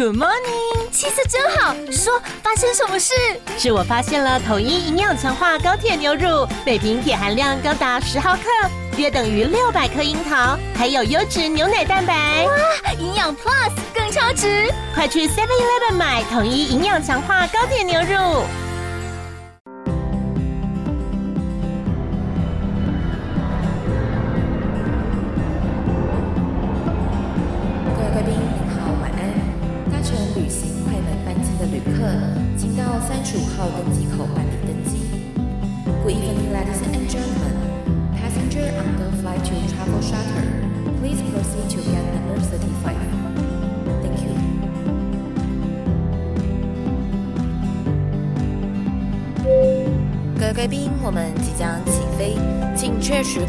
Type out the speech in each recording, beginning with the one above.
Good morning，氣色真好。說，發生什麼事？是我發現了統一營養強化高鐵牛乳，每瓶鐵含量高達十毫克，約等於六百克櫻桃，還有優質牛奶蛋白。哇，營養 Plus 更超值，快去 Seven Eleven 買統一營養強化高鐵牛乳。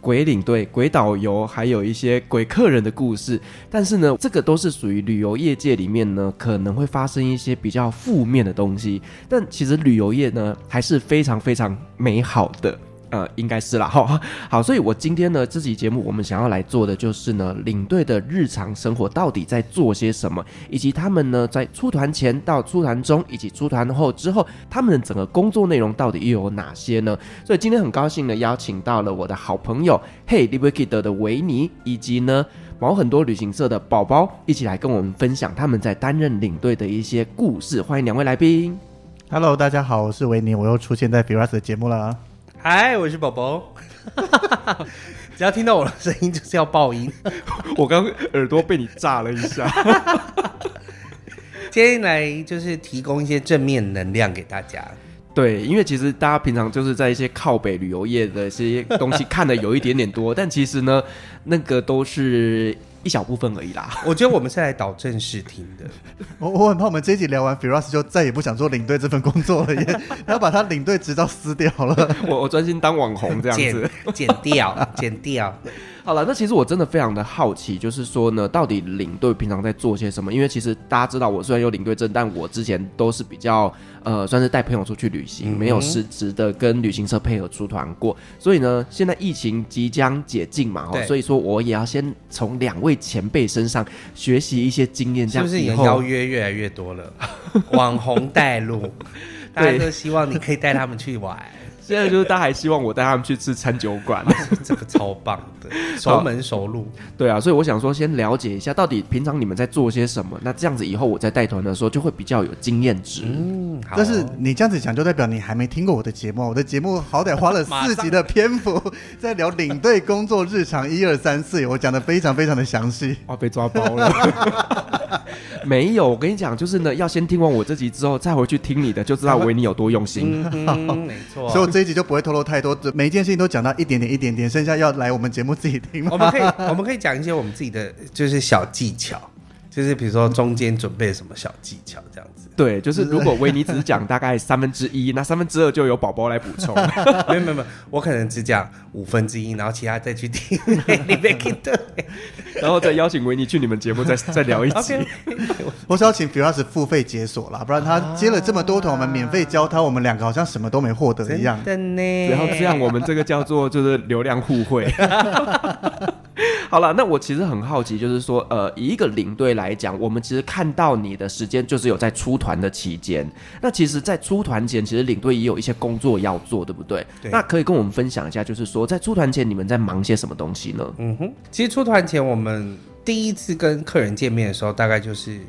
鬼領隊、鬼導遊，還有一些鬼客人的故事，但是呢，這個都是屬於旅遊業界裡面呢，可能會發生一些比較負面的東西。但其實旅遊業呢，還是非常非常美好的。呃，應該是啦哈。好，所以，我今天呢，這期節目我們想要來做的就是呢，領隊的日常生活到底在做些什麼，以及他們呢，在出團前，到出團中以及出團後之後，他們的整個工作內容到底又有哪些呢？所以今天很高興呢，邀請到了我的好朋友，Hey 尼欲去豆的維尼，以及呢，毛很多旅行社的寶寶，一起來跟我們分享他們在擔任領隊的一些故事。歡迎兩位來賓。Hello，大家好，我是維尼，我又出現在 Virus 的節目啦。嗨，Hi，我是寶寶， 只要聽到我的聲音就是要爆音。 我剛耳朵被你炸了一下。接 下來就是提供一些正面能量給大家。對，因為其實大家平常就是在一些靠北旅遊業的一些東西看的有一點點多， 但其實呢，那個都是。一小部分而已啦。我覺得我們是來導正視聽的 我。我我很怕我們這一集聊完 Firas 就再也不想做領隊這份工作了耶， 要把他領隊執照撕掉了 我。我我專心當網紅這樣子剪，剪掉， 剪掉。好了，那其實我真的非常的好奇，就是說呢，到底領隊平常在做些什麼？因為其實大家知道，我雖然有領隊證，但我之前都是比較呃，算是帶朋友出去旅行，嗯、哼沒有實質的跟旅行社配合出團過。所以呢，現在疫情即將解禁嘛、哦，對所以說我也要先從兩位前輩身上學習一些經驗。以後是不是也邀約越來越多了？ 網紅帶路， 對大家都希望你可以帶他們去玩。 現在就是大家還希望我帶他們去吃餐酒館，這個超棒的，熟門熟路。對啊，所以我想說，先了解一下到底平常你們在做些什麼。那這樣子以後我在帶團的時候就會比較有經驗值。嗯，哦、但是你這樣子講，就代表你還沒聽過我的節目。我的節目好歹花了四集的篇幅馬上 在聊領隊工作日常，一二三四，我講得非常非常的詳細。哦、啊，被抓包了。 沒有，我跟你講，就是呢，要先聽完我這集之後，再回去聽你的，就知道維尼有多用心。啊嗯、沒錯。這一集就不會透露太多，每一件事情都講到一點點、一點點，剩下要來我們節目自己聽嗎？我們可以， 我們可以講一些我們自己的就是小技巧。就是比如說中間準備什麼小技巧這樣子，對，就是如果維尼只講大概三分之一，那三分之二就由寶寶來補充。 沒有沒有，我可能只講五分之一，5, 然後其他再去聽，你別聽的。然後再邀請維尼去你們節目再再聊一集。 Okay. 我是要請菲拉斯付費解鎖啦，不然他接了這麼多團，我們免費教他，我們兩個好像什麼都沒獲得一樣。真的呢。然後這樣我們這個叫做就是流量互惠。 好了，那我其實很好奇，就是說，呃，以一個領隊來講，我們其實看到你的時間就是有在出團的期間。那其實，在出團前，其實領隊也有一些工作要做，對不對？對。那可以跟我們分享一下，就是說，在出團前，你們在忙些什麼東西呢？嗯哼，其實出團前，我們第一次跟客人見面的時候，大概就是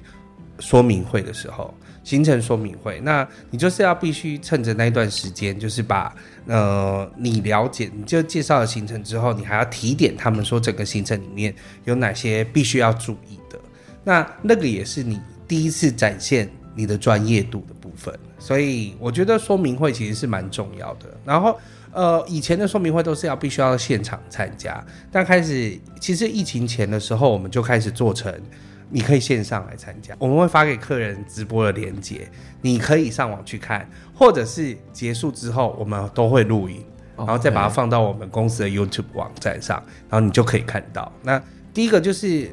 說明會的時候。行程說明會，那你就是要必須趁着那一段時間，就是把呃你了解，你就介紹了行程之後，你還要提點他們說整個行程裡面有哪些必須要注意的。那那個也是你第一次展現你的專業度的部分，所以我覺得說明會其實是蠻重要的。然後呃，以前的說明會都是要必須要現場參加，但開始其實疫情前的時候，我們就開始做成。你可以線上來參加，我們會發給客人直播的鏈接，你可以上網去看，或者是結束之後我們都會錄影，Okay. 然後再把它放到我們公司的 YouTube 網站上，然後你就可以看到。那第一個就是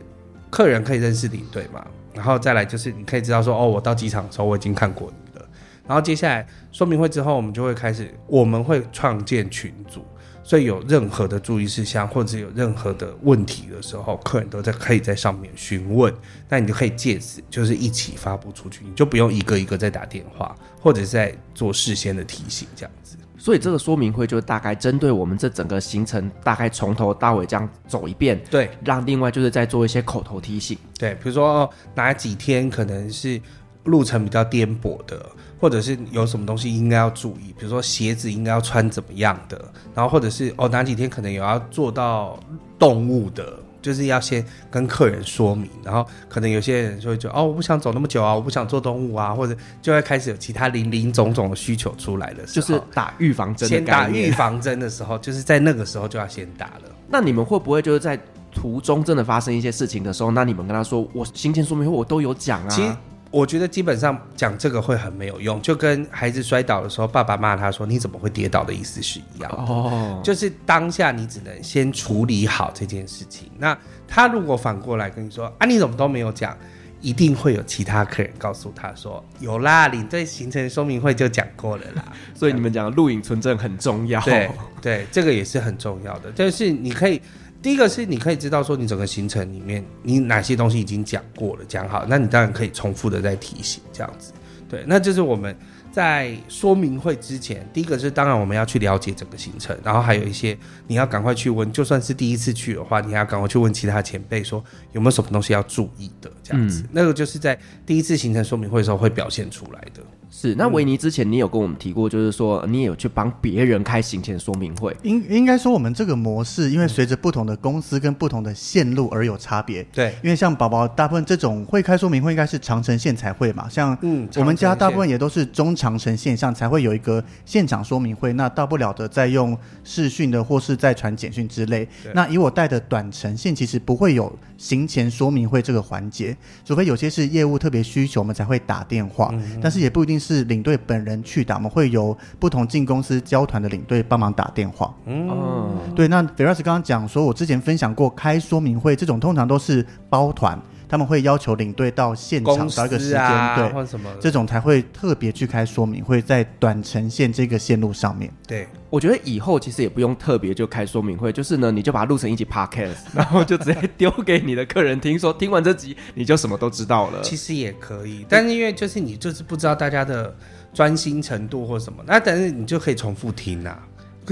客人可以認識領隊嘛，然後再來就是你可以知道說哦，我到機場的時候我已經看過你了。然後接下來說明會之後，我們就會開始，我們會創建群組。所以有任何的注意事項，或者有任何的問題的時候，客人都在可以在上面詢問，那你就可以借此就是一起發佈出去，你就不用一個一個在打電話或者是在做事先的提醒這樣子。所以這個說明會就大概針對我們這整個行程，大概從頭到尾這樣走一遍，對，讓另外就是在做一些口頭提醒，對，比如說，哦，哪幾天可能是路程比較顛簸的。或者是有什麼東西應該要注意，比如說鞋子應該要穿怎麼樣的，然後或者是哦哪幾天可能有要做到動物的，就是要先跟客人說明，然後可能有些人就會覺得哦，我不想走那麼久啊，我不想做動物啊，或者就會開始有其他林林總總的需求出來了，就是打預防針。先打預防針的時候，就是在那個時候就要先打了。那你們會不會就是在途中真的發生一些事情的時候，那你們跟他說，我行前說明會我都有講啊。我覺得基本上講這個會很沒有用，就跟孩子摔倒的時候，爸爸罵他說你怎麼會跌倒的意思是一樣的。哦，就是當下你只能先處理好這件事情。那他如果反過來跟你說啊，你怎麼都沒有講，一定會有其他客人告訴他說有啦，你在行程說明會就講過了啦。所以你們講的錄影存證很重要，嗯。對對，這個也是很重要的。就是你可以。第一個是你可以知道說，你整個行程裡面你哪些東西已經講過了講好，那你當然可以重複的再提醒這樣子，對，那就是我們在說明會之前，第一個是當然我們要去了解整個行程，然後還有一些你要趕快去問，就算是第一次去的話，你要趕快去問其他前輩說有沒有什麼東西要注意的這樣子，嗯、那個就是在第一次行程說明會的時候會表現出來的。是那維尼之前你有跟我們提過，就是說你也有去幫別人開行前說明會。嗯、應應該說我們這個模式，因為隨着不同的公司跟不同的線路而有差別。對，因為像寶寶大部分這種會開說明會，應該是長程線才會嘛。像嗯，我們家大部分也都是中長程線上才會有一個現場說明會，那大不了的再用視訊的或是再傳簡訊之類。對那以我帶的短程線其實不會有行前說明會這個環節，除非有些是業務特別需求，我們才會打電話，嗯、哼但是也不一定是是領隊本人去打，我們會由不同進公司交團的領隊幫忙打電話。嗯，對，那 Ferrus 剛剛講說，我之前分享過開說明會這種，通常都是包團。他們會要求領隊到現場找、啊、一個時間，對，換什麼，這種才會特別去開說明會，在短程線這個線路上面。對，我覺得以後其實也不用特別就開說明會，就是呢，你就把它錄成一集 Podcast 然後就直接丟給你的客人聽說， 聽完這集你就什麼都知道了。其實也可以，但是因為就是你就是不知道大家的專心程度或什麼，那但是你就可以重複聽吶、啊。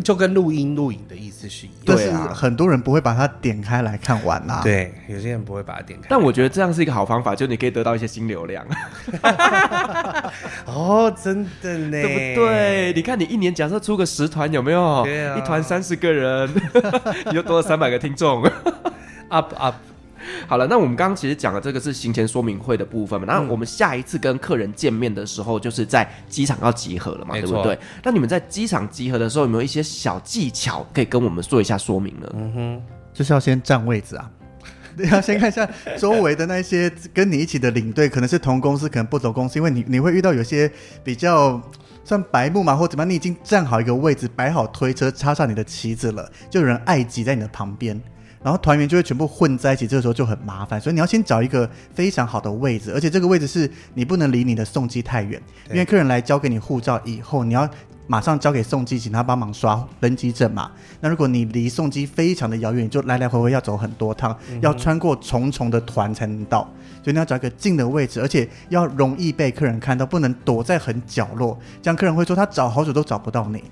就跟錄音錄影的意思是一樣。對啊，但是很多人不會把它點開來看完吶、啊。對，有些人不會把它點開，但我覺得這樣是一個好方法，就你可以得到一些新流量。 哦，真的呢？對不對？你看你一年假設出個十團有沒有？啊、一團三十個人， 你就多了三百個聽眾 ，up up。好了，那我們剛剛其實講的這個是行前說明會的部分嘛。那我們下一次跟客人見面的時候，就是在機場要集合了嘛，沒錯。對不對？那你們在機場集合的時候，有沒有一些小技巧可以跟我們做一下說明呢？嗯哼，就是要先占位置啊，對啊，先看一下周圍的那些跟你一起的領隊， 可能是同公司，可能不同公司，因為你你會遇到有些比較算白目嘛，或者怎麼樣，你已經站好一個位置，擺好推車，插上你的旗子了，就有人愛擠在你的旁邊。然後團員就會全部混在一起，這個時候就很麻煩，所以你要先找一個非常好的位置，而且這個位置是你不能離你的送機太遠，對因為客人來交給你護照以後，你要馬上交給送機，請他幫忙刷登機證嘛。那如果你離送機非常的遙遠，你就來來回回要走很多趟，嗯、哼要穿過重重的團才能到，所以你要找一個近的位置，而且要容易被客人看到，不能躲在很角落，這樣客人會說他找好久都找不到你。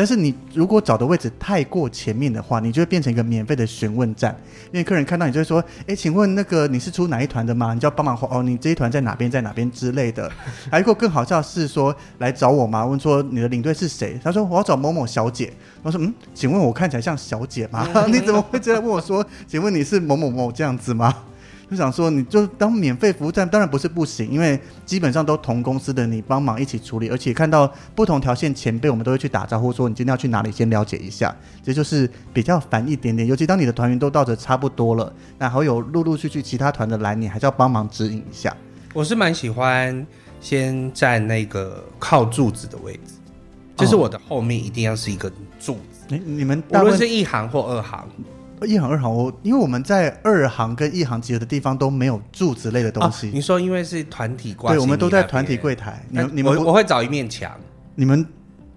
但是你如果找的位置太過前面的話，你就會變成一個免費的詢問站，因為客人看到你就會說：哎、欸，請問那個你是出哪一團的嗎？你就要幫忙哦，你這一團在哪邊、在哪邊之類的。還有一個更好笑是說，來找我嗎？問說你的領隊是誰？他說我要找某某小姐。我說嗯，請問我看起來像小姐嗎？ 你怎麼會這樣問我說？請問你是某某某這樣子嗎？就想說，你就當免費服務站，當然不是不行，因為基本上都同公司的，你幫忙一起處理，而且看到不同條線前輩，我們都會去打招呼，說你今天要去哪裡，先了解一下。這就是比較煩一點點，尤其當你的團員都到的差不多了，然後有陸陸續續其他團的來，你還是要幫忙指引一下。我是蠻喜歡先站那個靠柱子的位置，就是我的後面一定要是一個柱子。你、哦欸、你們大概是一行或二行？一航二航，我因為我們在二航跟一航集合的地方都沒有柱子類的東西、啊。你說因為是團體關係。對，我們都在團體櫃檯。你們我你們我，我會找一面牆。你們。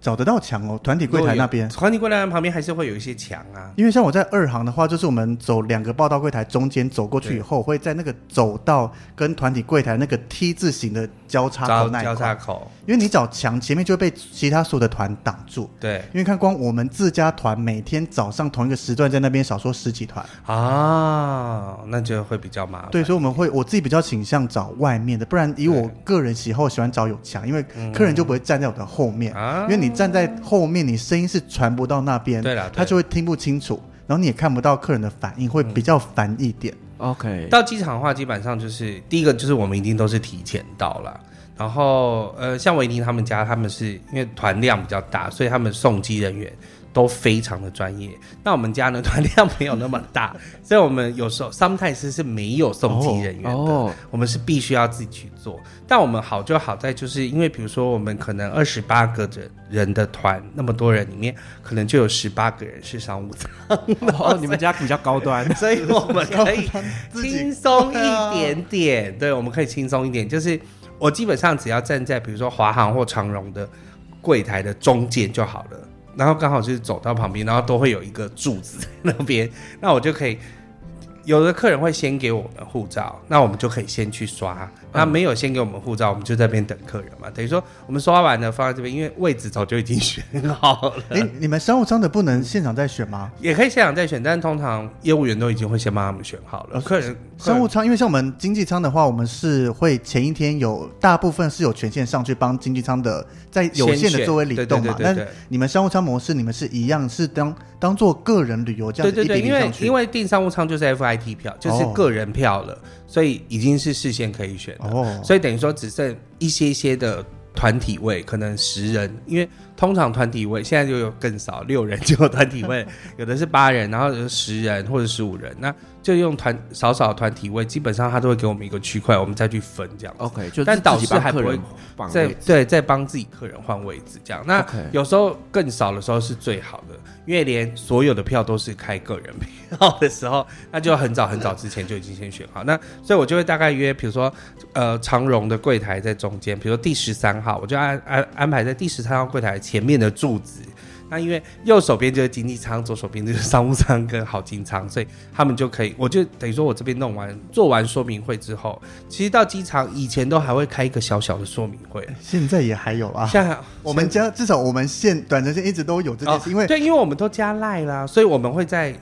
找得到牆哦，團體櫃檯那邊，團體櫃檯旁邊還是會有一些牆啊。因為像我在二航的話，就是我們走兩個報到櫃檯中間走過去以後，對會在那個走道跟團體櫃檯那個 T 字形的交叉口那塊交叉口。因為你找牆前面就會被其他所有的團擋住。對。因為看光我們自家團每天早上同一個時段在那邊少說十幾團。啊，那就會比較麻煩。對，所以我們會，我自己比較傾向找外面的，不然以我個人喜好喜歡找有牆，因為客人就不會站在我的後面，嗯啊、因為你。站在後面，你聲音是傳不到那邊，對了，他就會聽不清楚，然後你也看不到客人的反應，會比較煩一點。嗯、OK，到機場的話，基本上就是第一個就是我們一定都是提前到了，然後呃，像維尼他們家，他們是因為團量比較大，所以他們送機人員。都非常的專業。那我們家呢，團量沒有那麼大， 所以我們有時候 Sometimes 是沒有送機人員的，oh, oh. 我們是必須要自己去做。但我們好就好在，就是因為比如說我們可能二十八個人的團，那麼多人裡面，可能就有十八個人是商務艙哦，你們家比較高端， 所以我們可以輕鬆一點點。 對，啊、對，我們可以輕鬆一點，就是我基本上只要站在比如說華航或長榮的櫃台的中間就好了。然後剛好就是走到旁邊，然後都會有一個柱子在那邊，那我就可以。有的客人會先給我們護照，那我們就可以先去刷。那沒有先給我們護照，我們就在那邊等客人嘛。嗯、等於說，我們刷完了放在這邊，因為位置早就已經選好了。哎、欸，你們商務艙的不能現場再選嗎？也可以現場再選，但通常業務員都已經會先幫他們選好了。客，人客人商務艙，因為像我們經濟艙的話，我們是會前一天有大部分是有權限上去幫經濟艙的，在有限的座位裡動嘛。但你們商務艙模式，你們是一樣，是當當做個人旅遊這樣子別別，對對對。上去。因為因為訂商務艙就是 F I。I T 票，就是個人票了，oh. 所以已經是事先可以選的，oh. 所以等於說只剩一些些的團體位，可能十人，因為，通常團體位現在就有更少，六人就有團體位， 有的是八人，然後有十人或者十五人，那就用團少少團體位，基本上他都會給我們一個區塊，我們再去分這樣。OK，但導遊還不會再對，再幫自己客人換位置這樣。那 Okay. 有時候更少的時候是最好的，因為連所有的票都是開個人票的時候，那就很早很早之前就已經先選好。 那所以我就會大概約，比如說呃長榮的櫃檯在中間，比如說第十三號，我就安安安排在第十三號櫃檯前。前面的柱子，那因為右手邊就是經濟艙，左手邊就是商務艙跟豪經艙，所以他們就可以，我就等於說，我這邊弄完做完說明會之後，其實到機場以前都還會開一個小小的說明會，現在也還有啊。像我們家在至少我們現短程線一直都有這件事，哦、因為對，因為我們都加賴啦，所以我們會在。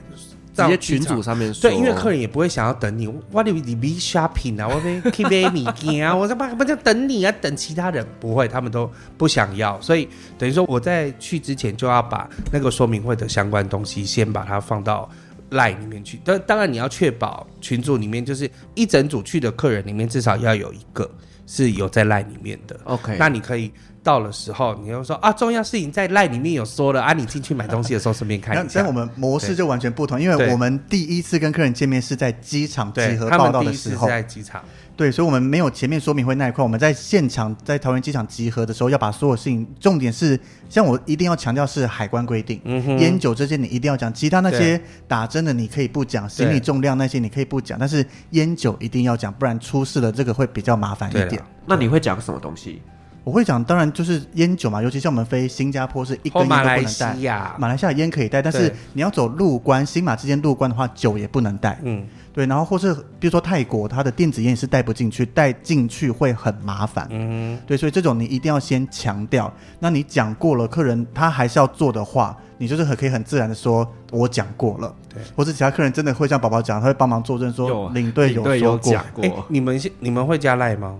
在群組上面說，對，因為客人也不會想要等你 Why do you be shopping 啊 Why do you keep a meeting 啊我？我他媽不就等你啊？等其他人不會，他們都不想要，所以等於說我在去之前就要把那個說明會的相關東西先把它放到 line 裡面去。但當然你要確保群組裡面就是一整組去的客人裡面至少要有一個是有在 line 裡面的。OK，那你可以。到了時候，你又說啊，重要事情在賴裡面有說了啊，你進去買東西的時候順便看一下，啊。但我們模式就完全不同，對因為我們第一次跟客人見面是在機場集合報到的時候。對，他們第一次是在機場。對，所以，我們沒有前面說明會那一塊。我們在現場在桃園機場集合的時候，要把所有事情，重點是，像我一定要強調是海關規定，嗯、哼菸酒這些你一定要講，其他那些打針的你可以不講，行李對重量那些你可以不講，但是菸酒一定要講，不然出事了這個會比較麻煩一點。那你會講什麼東西？我會講，當然就是菸酒嘛，尤其像我們飛新加坡是一根菸都不能帶。馬來西亞，馬來西亞的菸可以帶，對但是你要走陸關，新馬之間陸關的話，酒也不能帶。嗯，對。然後或是比如說泰國，它的電子菸是帶不進去，帶進去會很麻煩。嗯，對。所以這種你一定要先強調。那你講過了，客人他還是要做的話，你就是可可以很自然的說，我講過了。對。或者其他客人真的會像寶寶講，他會幫忙作證說有領隊有說過。哎，你們你們會加賴嗎？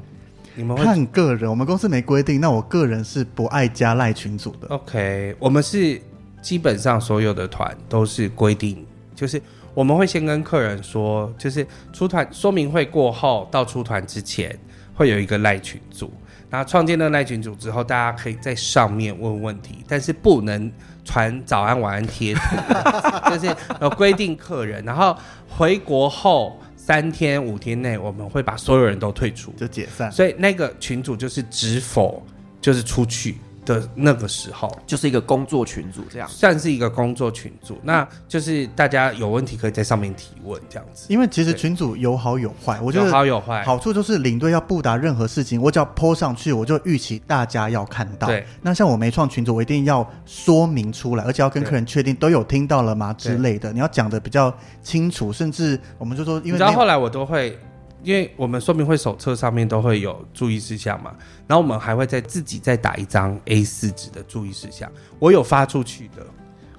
你們會看個人，我們公司沒規定。那我個人是不愛加賴群組的。OK，我們是基本上所有的團都是規定，就是我們會先跟客人說，就是出團說明會過後到出團之前會有一個賴群組，然後創建那個賴群組之後，大家可以在上面問問題，但是不能傳早安晚安貼， 就是有規定客人。然後回國後。三天五天內，我們會把所有人都退出，就解散。所以那個群組，就是只否，就是出去的那個時候，就是一個工作群組。這樣，算是一個工作群組，那就是大家有問題可以在上面提問這樣子。因為其實群組有好有壞，我覺得有好有壞。好處就是領隊要布達任何事情，我只要潑上去，我就預期大家要看到。對。那像我沒創群組，我一定要說明出來，而且要跟客人確定都有聽到了嗎之類的。對你要講得比較清楚，甚至我們就說，因為你知道後來我都會。因為我們說明會手冊上面都會有注意事項嘛，然後我們還會再自己再打一張 A4 紙的注意事項，我有發出去的，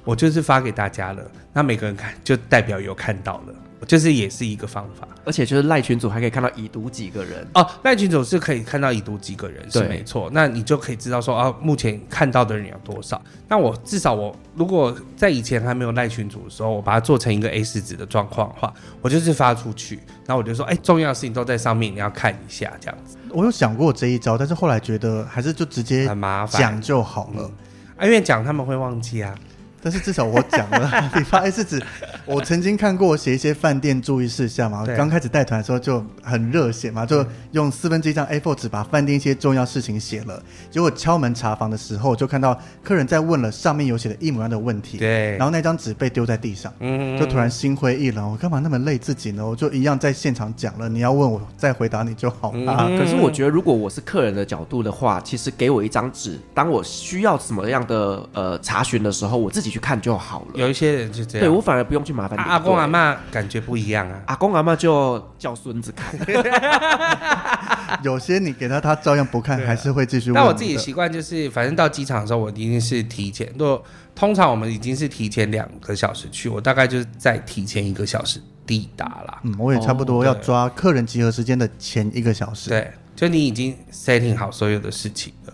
我就是發給大家了，那每個人看就代表有看到了。就是也是一個方法，而且就是賴群組還可以看到已讀幾個人哦。賴群組是可以看到已讀幾個人是沒錯，對那你就可以知道說哦、啊，目前看到的人有多少。那我至少我如果在以前還沒有賴群組的時候，我把它做成一個 A4 紙的狀況的話，我就是發出去，然後我就說，哎、欸，重要的事情都在上面，你要看一下這樣子。我有想過這一招，但是後來覺得還是就直接很麻煩講就好了，嗯啊、因為講他們會忘記啊。但是至少我講了，你發現是指 我曾經看過我寫一些飯店注意事項嘛。我剛對開始帶團的時候就很熱血嘛，嗯、就用四分之一張 A4 紙把飯店一些重要事情寫了。結果敲門查房的時候，就看到客人在問了上面有寫的一模一樣的問題。對。然後那張紙被丟在地上，嗯，嗯，嗯，就突然心灰意冷。我干嘛那麼累自己呢？我就一樣在現場講了。你要問我再回答你就好了。嗯嗯啊、可是我覺得，如果我是客人的角度的話，其實給我一張紙，當我需要什麼樣的呃查詢的時候，我自己。去看就好了。有一些人就這樣，對，我反而不用去麻煩你、啊。阿公阿媽感覺不一樣啊，阿公阿媽就叫孫子看。 有些你給他，他照樣不看，了還是會繼續。那我自己習慣就是，反正到機場的時候我一定，我已經是提前。通常我們已經是提前兩個小時去，我大概就是再提前一個小時抵達了。嗯，我也差不多要抓客人集合時間的前一個小時。哦、對，對，就你已經 setting 好所有的事情了。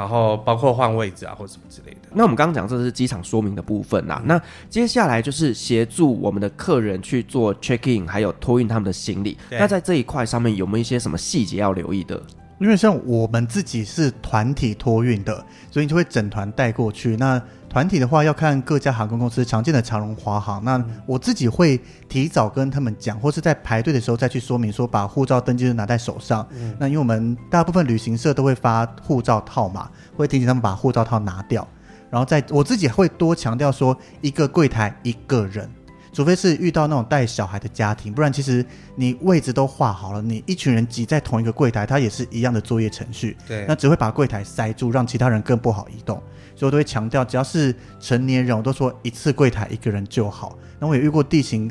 然後包括換位置啊，或者什麼之類的。那我們剛剛講，這是機場說明的部分啊。嗯、那接下來就是協助我們的客人去做 check in，還有托運他們的行李。對那在這一塊上面有沒有一些什麼細節要留意的？因為像我們自己是團體托運的，所以你就會整團帶過去。那團體的話要看各家航空公司常見的長榮、華航。那我自己會提早跟他們講，或是在排隊的時候再去說明，說把護照登機證拿在手上。嗯、那因為我們大部分旅行社都會發護照套嘛，會提醒他們把護照套拿掉。然後再我自己會多強調說，一個櫃檯一個人。除非是遇到那種帶小孩的家庭，不然其實你位置都劃好了，你一群人擠在同一個櫃檯，它也是一樣的作業程序。對，那只會把櫃檯塞住，讓其他人更不好移動。所以我都會強調，只要是成年人，我都說一次櫃檯一個人就好。那我也遇過地形。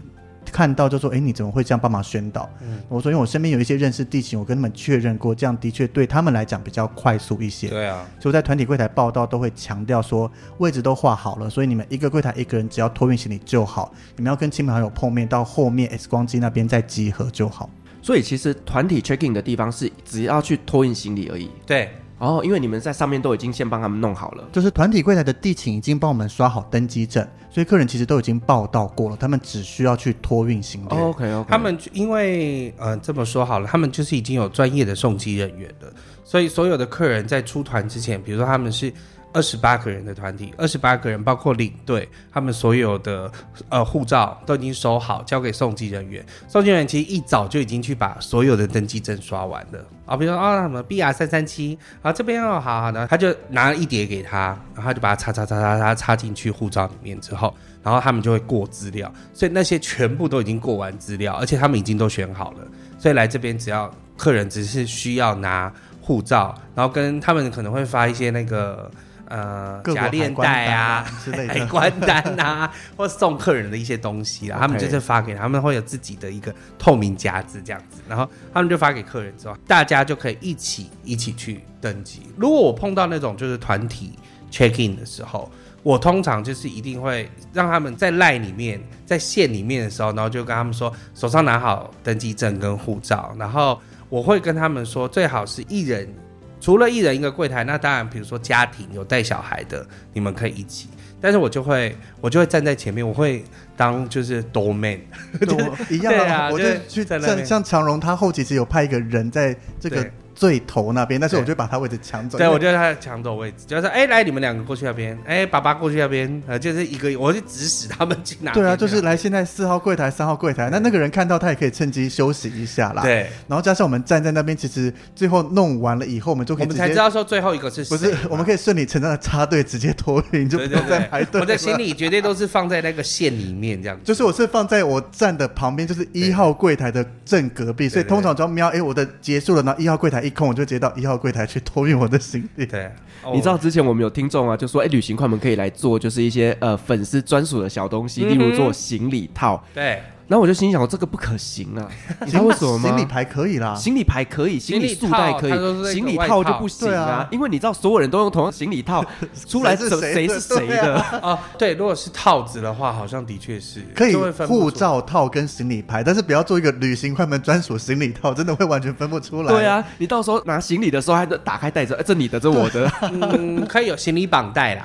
看到就說，哎、欸，你怎麼會這樣幫忙宣導？嗯、我說，因為我身邊有一些認識地勤，我跟他們確認過，這樣的確對他們來講比較快速一些。對啊，所以在團體櫃台報到都會強調說，位置都畫好了，所以你們一個櫃台一個人只要托運行李就好，你們要跟親朋好友碰面到後面 X 光機那邊再集合就好。所以其實團體 check in 的地方是只要去托運行李而已。對。哦，因為你們在上面都已經先幫他們弄好了，就是團體櫃檯的地勤已經幫我們刷好登機證，所以客人其實都已經報到過了，他們只需要去托運行李。哦。OK OK。他們因為呃這麼說好了，他們就是已經有專業的送機人員了。所以所有的客人在出團之前，比如說他們是。二十八個人的團體，二十八個人包括領隊，他們所有的呃護照都已經收好，交給送機人員。送機人員其實一早就已經去把所有的登機證刷完了啊、哦，比如說啊什麼 BR 三三七啊這邊哦好好的，他就拿一疊給他，然後他就把他插插插插插插進去護照裡面之後，然後他們就會過資料，所以那些全部都已經過完資料，而且他們已經都選好了，所以來這邊只要客人只是需要拿護照，然後跟他們可能會發一些那個。呃，夾鏈袋啊，海關單啊，或送客人的一些東西， 他們就是發給他們，會有自己的一個透明夾子這樣子，然後他們就發給客人之後，大家就可以一起一起去登機。如果我碰到那種就是團體 check in 的時候，我通常就是一定會讓他們在賴裡面，在線裡面的時候，然後就跟他們說，手上拿好登機證跟護照，然後我會跟他們說，最好是一人。除了一人一個櫃檯，那當然，比如說家庭有帶小孩的，你們可以一起。但是我就會，我就會站在前面，我會當就是 doorman，對就一樣的，啊、我就去。就像對像長榮，他後期是有派一個人在這個。最頭那邊，但是我就把他位置搶走。對，為對，我就他搶走位置，就是、說：“哎、欸，來，你們兩個過去那邊。哎、欸，爸爸過去那邊。呃，就是一個，我就指使他們去拿。”對啊，就是來。現在四號櫃台、三號櫃台，對那那個人看到他也可以趁機休息一下啦。對。然後加上我們站在那邊，其實最後弄完了以後，我們就可以。我們才知道說最後一個是誰。不是，我們可以順理成章的插隊，直接脫隊，就不用再排隊。我在心裡絕對都是放在那個線裡面，這樣子。 就是我是放在我站的旁邊，就是一號櫃台的正隔壁，對所以通常只要瞄，哎、欸，我的結束了，然後一號櫃台。一空我就接到一號櫃檯去托運我的行李對。 你知道之前我們有聽眾啊，就說哎、欸，旅行快門可以來做，就是一些呃粉絲專屬的小東西，嗯、哼例如做行李套。對。那我就心想，我這個不可行啊！你知道為什麼嗎？行李牌可以啦，行李牌可以，行李束帶可以，行李套就不行啊！因為你知道，所有人都用同樣行李套，出來是誰是誰的啊？對，如果是套子的話，好像的確是可以護照套跟行李牌，但是不要做一個旅行快門專屬行李套，真的會完全分不出來。對啊，你到時候拿行李的時候還得打開袋子，哎，這你的，這我的，可以有行李綁帶啦，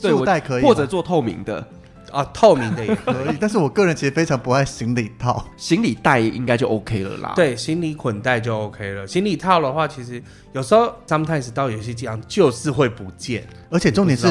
對，帶可以，或者做透明的。啊，透明的也可以， 但是我個人其實非常不愛行李套， 行李帶應該就 OK 了啦。對，行李捆帶就 OK 了。行李套的話，其實有時候 sometimes 到遊戲機上就是會不見，而且重點是，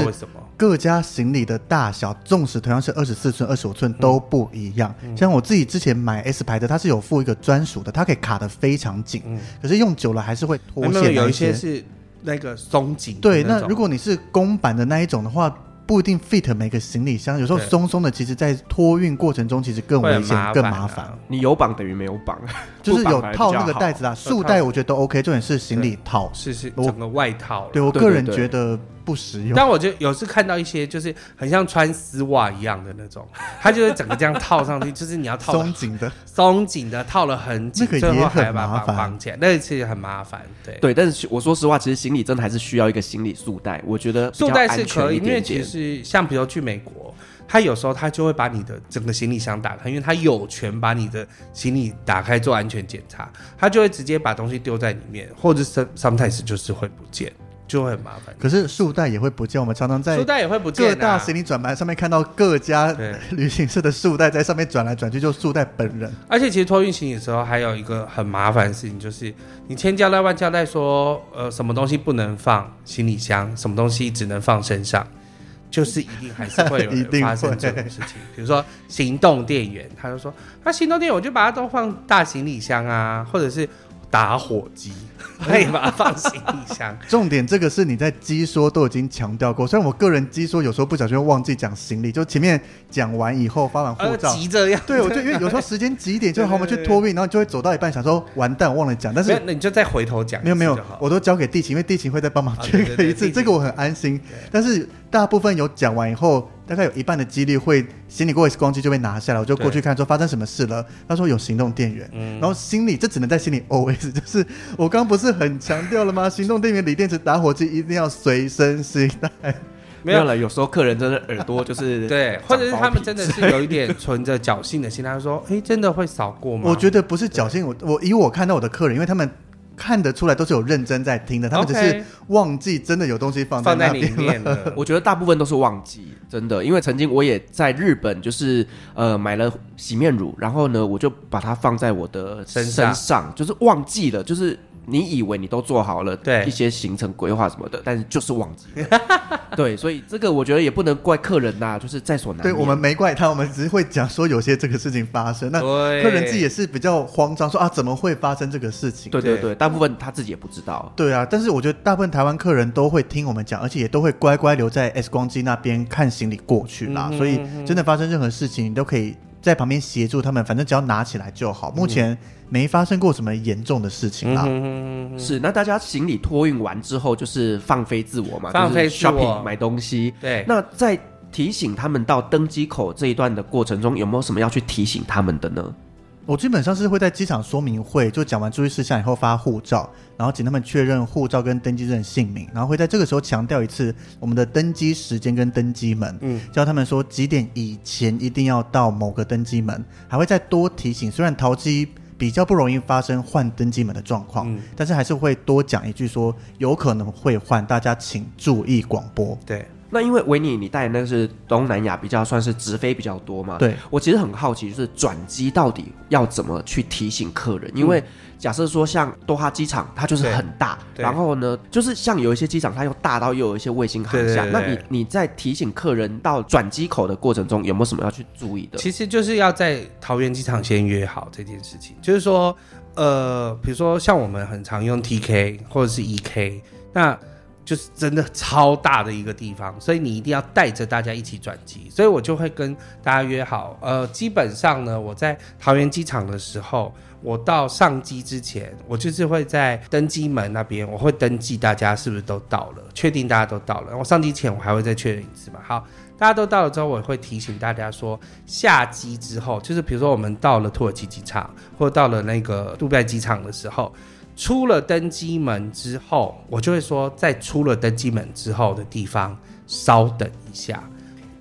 各家行李的大小，縱使同樣是二十四寸、二十五寸都不一樣。嗯、像我自己之前買 S 牌的，它是有附一個專屬的，它可以卡得非常緊，嗯、可是用久了還是會脫線。而且有一些是那個鬆緊。對，那如果你是公版的那一種的話。不一定 fit 每個行李箱，有時候鬆松的，其實，在托運過程中其實更危險、更麻煩。你有綁等於沒有綁，就是有套那個袋子啊，束帶我覺得都 OK，重點是行李套是是整個外套。對我個人覺得不實用。但我覺得有時看到一些就是很像穿絲襪一樣的那種，它就是整個這樣套上去，就是你要套鬆緊的，鬆緊的套了很緊，這個也很麻煩。綁起來，那其實很麻煩。對對，但是我說實話，其實行李真的還是需要一個行李束帶，我覺得束帶是可以，因為其實。是像比如去美國，他有時候他就會把你的整個行李箱打開，因為他有權把你的行李打開做安全檢查，他就會直接把東西丟在裡面，或者是 sometimes 就是會不見，就會很麻煩。可是，束帶也會不見，我們常常在束帶也會不見、啊、各大行李轉盤上面看到各家旅行社的束帶在上面轉來轉去，就束帶本人。而且，其實托運行李的時候還有一個很麻煩的事情，就是你千交代萬交代說，呃，什麼東西不能放行李箱，什麼東西只能放身上。就是一定還是會有人發生這種事情，比如說行動電源，他就說，那行動電源我就把它都放大行李箱啊，或者是打火機。可以把它放行李箱。 重點，這個是你在機說都已經強調過。雖然我個人機說有時候不小心會忘記講行李，就前面講完以後發完護照，呃、急着要，對，我就因為有時候時間急一點就，就我們去托運，然後就會走到一半想說完蛋忘了講，但是那你就再回頭講。沒有沒有，我都交給地勤，因為地勤會再幫忙確認一次，啊、對對對，這個我很安心。對但是大部分有講完以後。大概有一半的幾率會行李過 X 光機就被拿下來，我就過去看說，發生什麼事了。他說有行動電源，對然後心裡這只能在心裡 OS，就是我剛不是很強調了嗎？行動電源、鋰電池打火機一定要隨身攜帶。沒有了，有時候客人真的耳朵就是 對，或者是他們真的是有一點存着僥幸的心，他說：“哎、欸，真的會掃過嗎？”我覺得不是僥幸，我我以我看到我的客人，因為他們。看得出來都是有認真在聽的，okay, 他們只是忘記真的有東西放在，放在裡面了。 我覺得大部分都是忘記，真的，因為曾經我也在日本，就是呃買了洗面乳，然後呢，我就把它放在我的身上，身上就是忘記了，就是。你以為你都做好了一些行程規劃什麼的，對但是就是忘記了 對，所以這個我覺得也不能怪客人吶、啊，就是在所難免。對，我們沒怪他，我們只是會講說有些這個事情發生，那客人自己也是比較慌張，說啊怎麼會發生這個事情？對對對，對大部分他自己也不知道。對啊，但是我覺得大部分台灣客人都會聽我們講，而且也都會乖乖留在 X 光機那邊看行李過去啦，嗯、所以真的發生任何事情你都可以。在旁邊協助他們，反正只要拿起來就好。目前沒發生過什麼嚴重的事情啦。嗯嗯嗯嗯嗯、是，那大家行李托運完之後，就是放飛自我嘛，放飛自我就是 shopping 買東西。對。那在提醒他們到登機口這一段的過程中，有沒有什麼要去提醒他們的呢？我基本上是會在機場說明會就講完注意事項以後發護照，然後請他們確認護照跟登機證姓名，然後會在這個時候強調一次我們的登機時間跟登機門。嗯，叫他們說幾點以前一定要到某個登機門，還會再多提醒。雖然桃機比較不容易發生換登機門的狀況，嗯，但是還是會多講一句說有可能會換，大家請注意廣播。對。那因為維尼你帶的那個是東南亞比較算是直飛比較多嘛，對我其實很好奇，就是轉機到底要怎麼去提醒客人？嗯、因為假設說像多哈機場，它就是很大，然後呢，就是像有一些機場它又大到又有一些衛星航廈，對對對，那你你在提醒客人到轉機口的過程中，有沒有什麼要去注意的？其實就是要在桃園機場先約好這件事情，就是說，呃，比如說像我們很常用 TK 或者是 EK，那。就是真的超大的一個地方，所以你一定要帶着大家一起轉機。所以我就會跟大家約好，呃，基本上呢，我在桃園機場的時候，我到上機之前，我就是會在登機門那邊，我會登記大家是不是都到了，確定大家都到了。我上機前，我還會再確認一次吧。好，大家都到了之後，我也會提醒大家說，下機之後，就是比如說我們到了土耳其機場，或到了那個杜拜機場的時候。出了登機門之後，我就會說，在出了登機門之後的地方，稍等一下。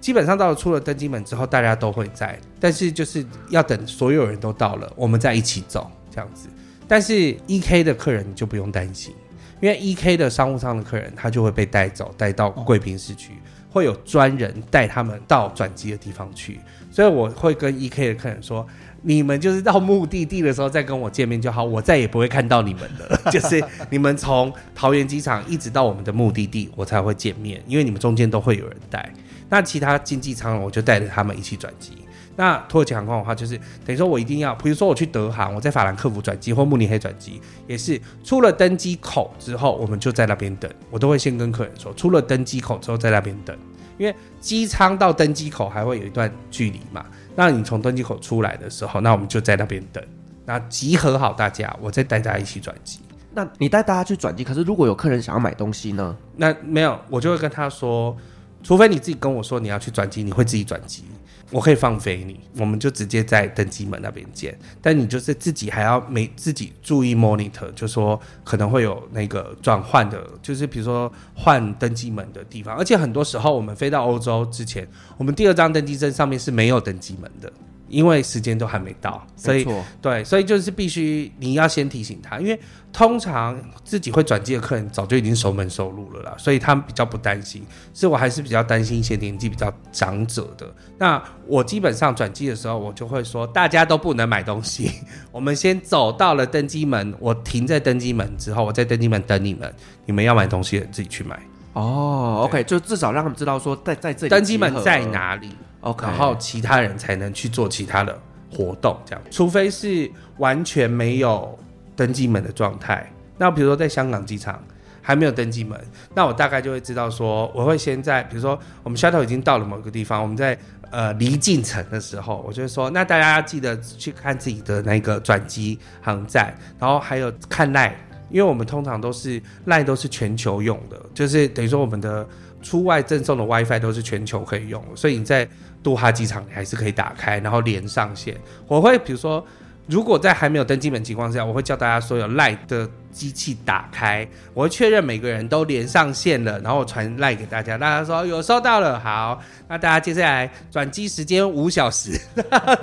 基本上到了出了登機門之後，大家都會在，但是就是要等所有人都到了，我們再一起走這樣子。但是 E K 的客人你就不用擔心，因為 E K 的商務艙的客人他就會被帶走，帶到貴賓室去，會有專人帶他們到轉機的地方去。所以我會跟 E K 的客人說。你們就是到目的地的時候再跟我見面就好，我再也不會看到你們了。就是你們從桃園機場一直到我們的目的地，我才會見面。因為你們中間都會有人帶，那其他經濟艙我就帶着他們一起轉機。那土耳其航空的話，就是等於說我一定要，比如說我去德航，我在法蘭克福轉機或慕尼黑轉機，也是出了登機口之後，我們就在那邊等。我都會先跟客人說，出了登機口之後在那邊等，因為機艙到登機口還會有一段距離嘛。那你從登機口出來的時候，那我們就在那邊等，那集合好大家，我再帶大家一起轉機。那你帶大家去轉機，可是如果有客人想要買東西呢？那沒有，我就會跟他說。除非你自己跟我說你要去轉機，你會自己轉機，我可以放飛你，我們就直接在登機門那邊見。但你就是自己還要沒自己注意 monitor，就說可能會有那個轉換的，就是比如說換登機門的地方。而且很多時候我們飛到歐洲之前，我們第二張登機證上面是沒有登機門的。因為時間都還沒到，所以錯對，所以就是必須你要先提醒他，因為通常自己會轉機的客人早就已經熟門熟路了啦，所以他們比較不擔心。所以我還是比較擔心一些年紀比較長者的。那我基本上轉機的時候，我就會說：大家都不能買東西，我們先走到了登機門，我停在登機門之後，我在登機門等你們。你們要買東西的自己去買。哦對，OK，就至少讓他們知道說在，在在這裡登機門在哪裡。哦，okay, 然後其他人才能去做其他的活動，這樣，除非是完全沒有登機門的狀態。那比如說在香港機場還沒有登機門，那我大概就會知道說，我會先在，比如說我們 shuttle 已經到了某個地方，我們在呃離進程的時候，我就會說，那大家要記得去看自己的那個轉機航站，然後還有看 LINE，因為我們通常都是 LINE 都是全球用的，就是等於說我們的出外贈送的 WiFi 都是全球可以用的，所以你在多哈機場你還是可以打開，然後連上線。我會比如說，如果在還沒有登機門情況下，我會叫大家所有賴的機器打開，我會確認每個人都連上線了，然後我傳賴給大家。大家說有收到了，好，那大家接下來轉機時間五小時，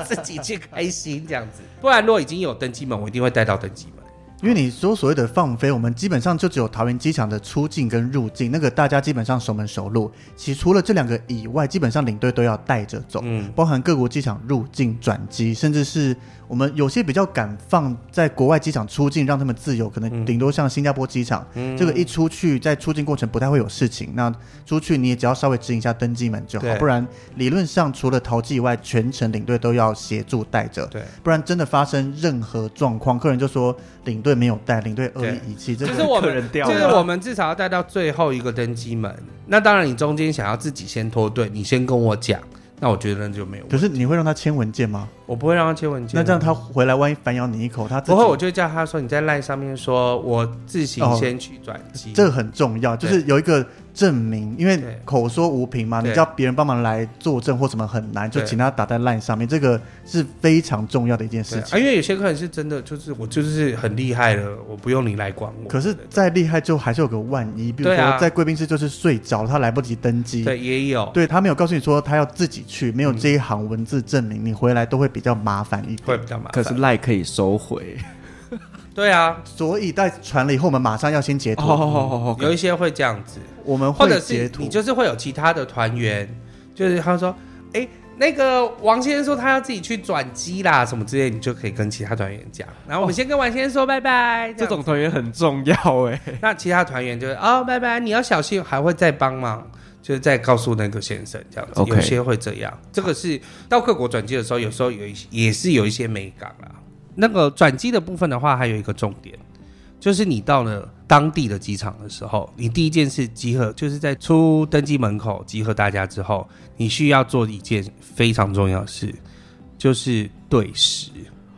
自己去開心這樣子。不然如果已經有登機門，我一定會帶到登機門。因為你說所謂的放飛，我們基本上就只有桃園機場的出境跟入境，那個大家基本上熟門熟路。其實除了這兩個以外，基本上領隊都要帶着走，嗯、包含各國機場入境轉機，甚至是我們有些比較敢放在國外機場出境，讓他們自由，可能頂多像新加坡機場，嗯、這個一出去在出境過程不太會有事情。那出去你也只要稍微指引一下登機門就好，對不然理論上除了桃機以外，全程領隊都要協助帶着。對，不然真的發生任何狀況，客人就說領。對，沒有帶領隊，對，惡意遺棄，這是對客人掉就,就是我們至少要帶到最後一個登機門。那當然，你中間想要自己先脫隊，你先跟我講。那我覺得那就沒有問題。可是你會讓他簽文件嗎？我不會讓他簽文件。那這樣他回來萬一反咬你一口，他不會。我就叫他說你在 LINE 上面說我自行先去轉機，哦，這個很重要，就是有一個。證明，因為口說無憑嘛，對你叫別人幫忙來作證或什麼很難，對就請他打在 line 上面，這個是非常重要的一件事情。啊，因為有些客人是真的，就是我就是很厲害了，我不用你來管我。可是再厲害，就還是有個萬一，比如說在貴賓室就是睡着了，他來不及登機，啊。對，也有，對，他沒有告訴你說他要自己去，沒有這一行文字證明，嗯、你回來都會比較麻煩一點。會比較麻煩。可是 Line 可以收回。對啊， 所以在傳了以後，我們馬上要先截圖。Oh, oh, oh, okay. 有一些會這樣子。我們會，或者是你就是會有其他的團員，就是他說，哎、欸，那個王先生說他要自己去轉機啦，什麼之類，你就可以跟其他團員講。然後我們先跟王先生說拜拜，哦、這這種團員很重要哎、欸。那其他團員就是哦拜拜，你要小心，還會再幫忙，就是再告訴那個先生這樣子。Okay. 有些會這樣，這個是到各國轉機的時候，有時候有一也是有一些美感啦。那個轉機的部分的話，還有一個重點。就是你到了當地的機場的時候，你第一件事集合，就是在出登機門口集合大家之後，你需要做一件非常重要的事，就是對時。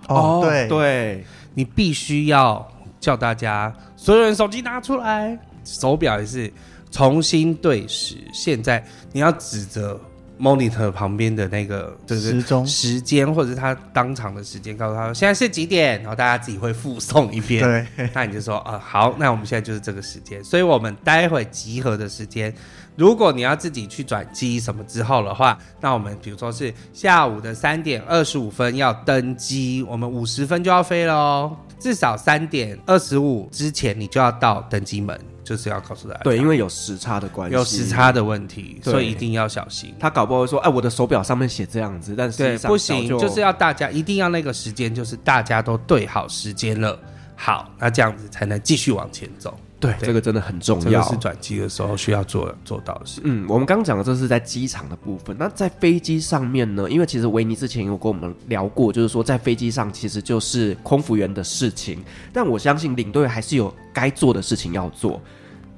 哦，對對，你必須要叫大家所有人手機拿出來，手錶也是重新對時。現在你要指責。monitor 旁邊的那個時鐘時間，或者是他當場的時間，告訴他說現在是幾點，然後大家自己會複誦一遍。對，那你就說啊，好，那我們現在就是這個時間。所以我們待會集合的時間，如果你要自己去轉機什麼之後的話，那我們比如說是下午的三點二十五分要登機，我們五十分就要飛嘍。至少三點二十五之前，你就要到登機門，就是要告訴大家，對，因為有時差的關係，有時差的問題，對所以一定要小心。他搞不好會說，哎、啊，我的手錶上面寫這樣子，但是不行，就是要大家一定要那個時間，就是大家都對好時間了，好，那這樣子才能繼續往前走。對，對這個真的很重要，是轉機的時候需要做對做到的事。嗯，我們剛剛講的這是在機場的部分，那在飛機上面呢？因為其實維尼之前有跟我們聊過，就是說在飛機上其實就是空服員的事情，但我相信領隊還是有該做的事情要做。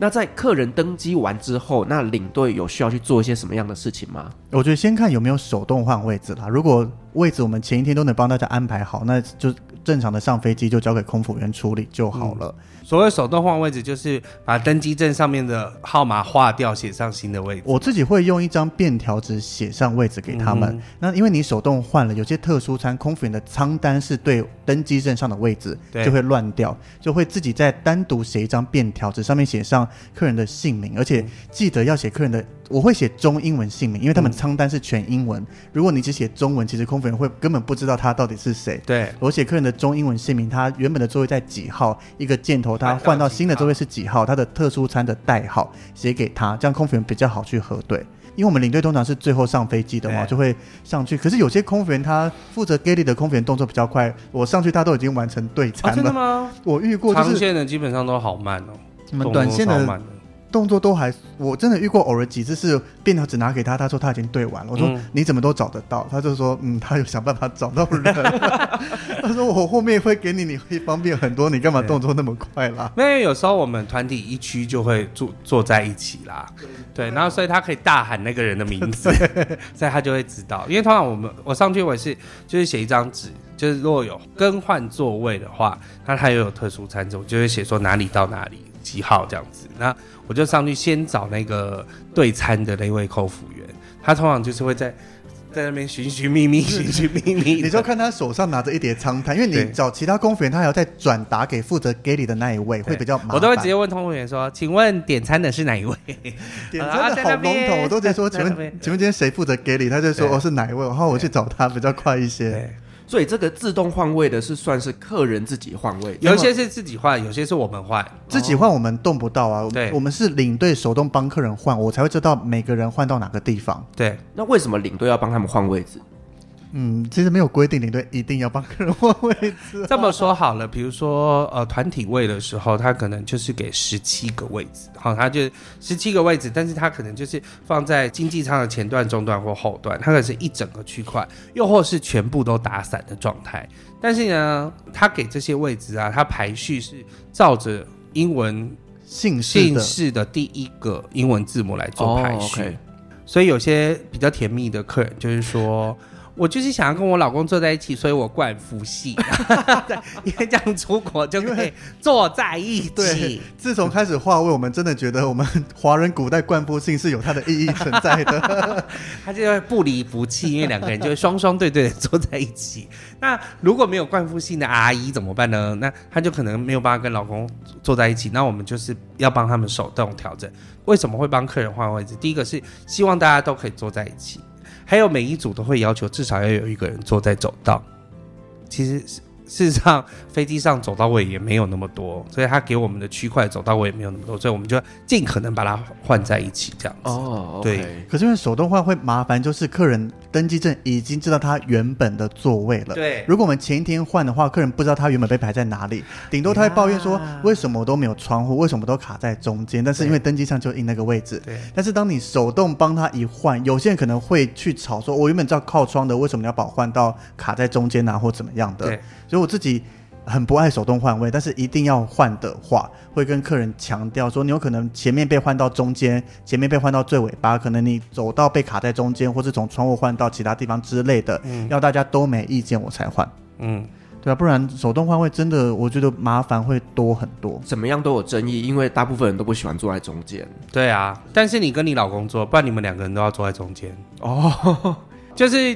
那在客人登機完之後，那領隊有需要去做一些什麼樣的事情嗎？我覺得先看有沒有手動換位置啦。如果位置我們前一天都能幫大家安排好，那就正常的上飛機，就交給空服員處理就好了。嗯、所謂手動換位置，就是把登機證上面的號碼劃掉，寫上新的位置。我自己會用一張便條紙寫上位置給他們。嗯、那因為你手動換了，有些特殊餐，空服員的艙單是對登機證上的位置，就會亂掉，對就會自己再單獨寫一張便條紙，上面寫上客人的姓名，而且記得要寫客人的，我會寫中英文姓名，因為他們艙單是全英文。嗯、如果你只寫中文，其實空服。會根本不知道他到底是誰，對。而且客人的中英文姓名，他原本的座位在幾號，一個箭頭，他換到新的座位是幾號，他的特殊餐的代號寫給他，這樣空服員比較好去核對。因為我們領隊通常是最後上飛機的話，對就會上去。可是有些空服員，他負責給你的空服員動作比較快，我上去他都已經完成對餐了。啊、真的嗎？我遇過、就是、長線的基本上都好慢哦，什麼短線的？動作都還，我真的遇過偶爾幾次是，便條紙拿給他，他說他已經對完了。我說你怎麼都找得到？嗯，他就說，嗯，他有想辦法找到人。 他說我後面會給你，你會方便很多，你幹嘛動作那麼快啦？因為有時候我們團體一區就會坐坐在一起啦，對，然後所以他可以大喊那個人的名字，對對對，所以他就會知道。因為通常我們我上去我也是就是寫一張紙，就是如果有更換座位的話，那他又有特殊餐紙，我就會寫說哪裡到哪裡。幾號這樣子，那我就上去先找那個對餐的那位客服員，他通常就是會在在那邊尋尋覓覓、尋尋覓覓。 你就看他手上拿着一疊餐單，因為你找其他客服員，他還要再轉達給負責給你的那一位，對會比較麻煩。我都會直接問客服員說：“請問點餐的是哪一位？”點餐的好龍頭，我都直接說：“請問請問今天誰負責給你？”他就說：“我對、哦、是哪一位？”然後我去找他比較快一些。所以這個自動換位的是算是客人自己換位，有一些是自己換，有些是我們換。哦，自己換我們動不到啊，對，我們是領隊手動幫客人換，我才會知道每個人換到哪個地方。對，那為什麼領隊要幫他們換位置？嗯，其實沒有規定領隊一定要幫客人換位置啊。這麼說好了，比如說呃，團體位的時候，他可能就是給十七個位置，好，他就十七個位置，但是他可能就是放在經濟艙的前段、中段或後段，他可能是一整個區塊，又或是全部都打散的狀態。但是呢，他給這些位置啊，他排序是照着英文姓氏姓氏的第一個英文字母來做排序，哦 okay，所以有些比較甜蜜的客人，就是說，我就是想要跟我老公坐在一起，所以我冠夫姓， 因為這樣出國就可以坐在一起。對，自從開始換位，我們真的覺得我們華人古代冠夫姓是有它的意義存在的。 他就會不離不棄，因為兩個人就會雙雙對對的坐在一起。那如果沒有冠夫姓的阿姨怎麼辦呢？那她就可能沒有辦法跟老公坐在一起。那我們就是要幫他們手動調整。為什麼會幫客人換位置？第一個是希望大家都可以坐在一起。還有每一組都會要求至少要有一個人坐在走道，其實事實上，飛機上走道位也沒有那麼多，所以他給我們的區塊走道位也沒有那麼多，所以我們就盡可能把它換在一起這樣子。哦，oh, okay. 對。可是因為手動換會麻煩，就是客人。登機證已經知道他原本的座位了。對，如果我們前一天換的話，客人不知道他原本被排在哪裡，頂多他會抱怨說：“為什麼我都沒有窗戶？為什麼我都卡在中間？”但是因為登機上就印那個位置。對。但是當你手動幫他一換，有些人可能會去吵說：“我原本知道靠窗的，為什麼你要把我換到卡在中間啊或怎麼樣的？”對。所以我自己。很不愛手動換位，但是一定要換的話，會跟客人強調說，你有可能前面被換到中間，前面被換到最尾巴，可能你走到被卡在中間，或者從窗戶換到其他地方之類的，嗯，要大家都沒意見我才換，嗯，對啊，不然手動換位真的，我覺得麻煩會多很多，怎麼樣都有爭議，因為大部分人都不喜歡坐在中間，對啊，但是你跟你老公坐，不然你們兩個人都要坐在中間，哦、oh, 就是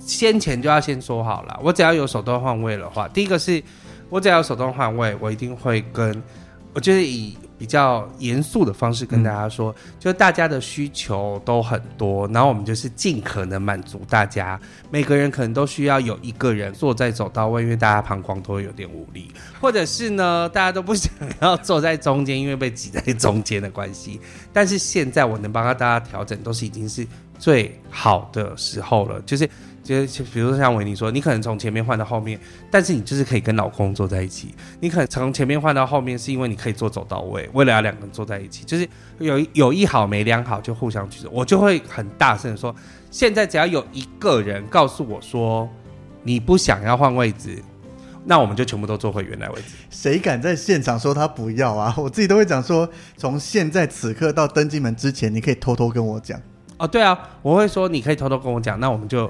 先前就要先說好了，我只要有手動換位的話，第一個是。我只要手動換位，我一定會跟，我覺得以比較嚴肅的方式跟大家說，嗯、就大家的需求都很多，然後我們就是儘可能滿足大家。每個人可能都需要有一個人坐在走道位，因為大家膀胱都會有點無力，或者是呢，大家都不想要坐在中間，因為被擠在中間的關係。但是現在我能幫到大家調整，都是已經是最好的時候了，就是。就比如說像維尼說，你可能從前面換到後面，但是你就是可以跟老公坐在一起。你可能從前面換到後面，是因為你可以坐走道位，為了要兩個人坐在一起。就是有有一好沒兩好，就互相遷就。我就會很大聲說，現在只要有一個人告訴我說你不想要換位置，那我們就全部都坐回原來位置。誰敢在現場說他不要啊？我自己都會講說，從現在此刻到登機門之前，你可以偷偷跟我講。哦，對啊，我會說你可以偷偷跟我講，那我們就。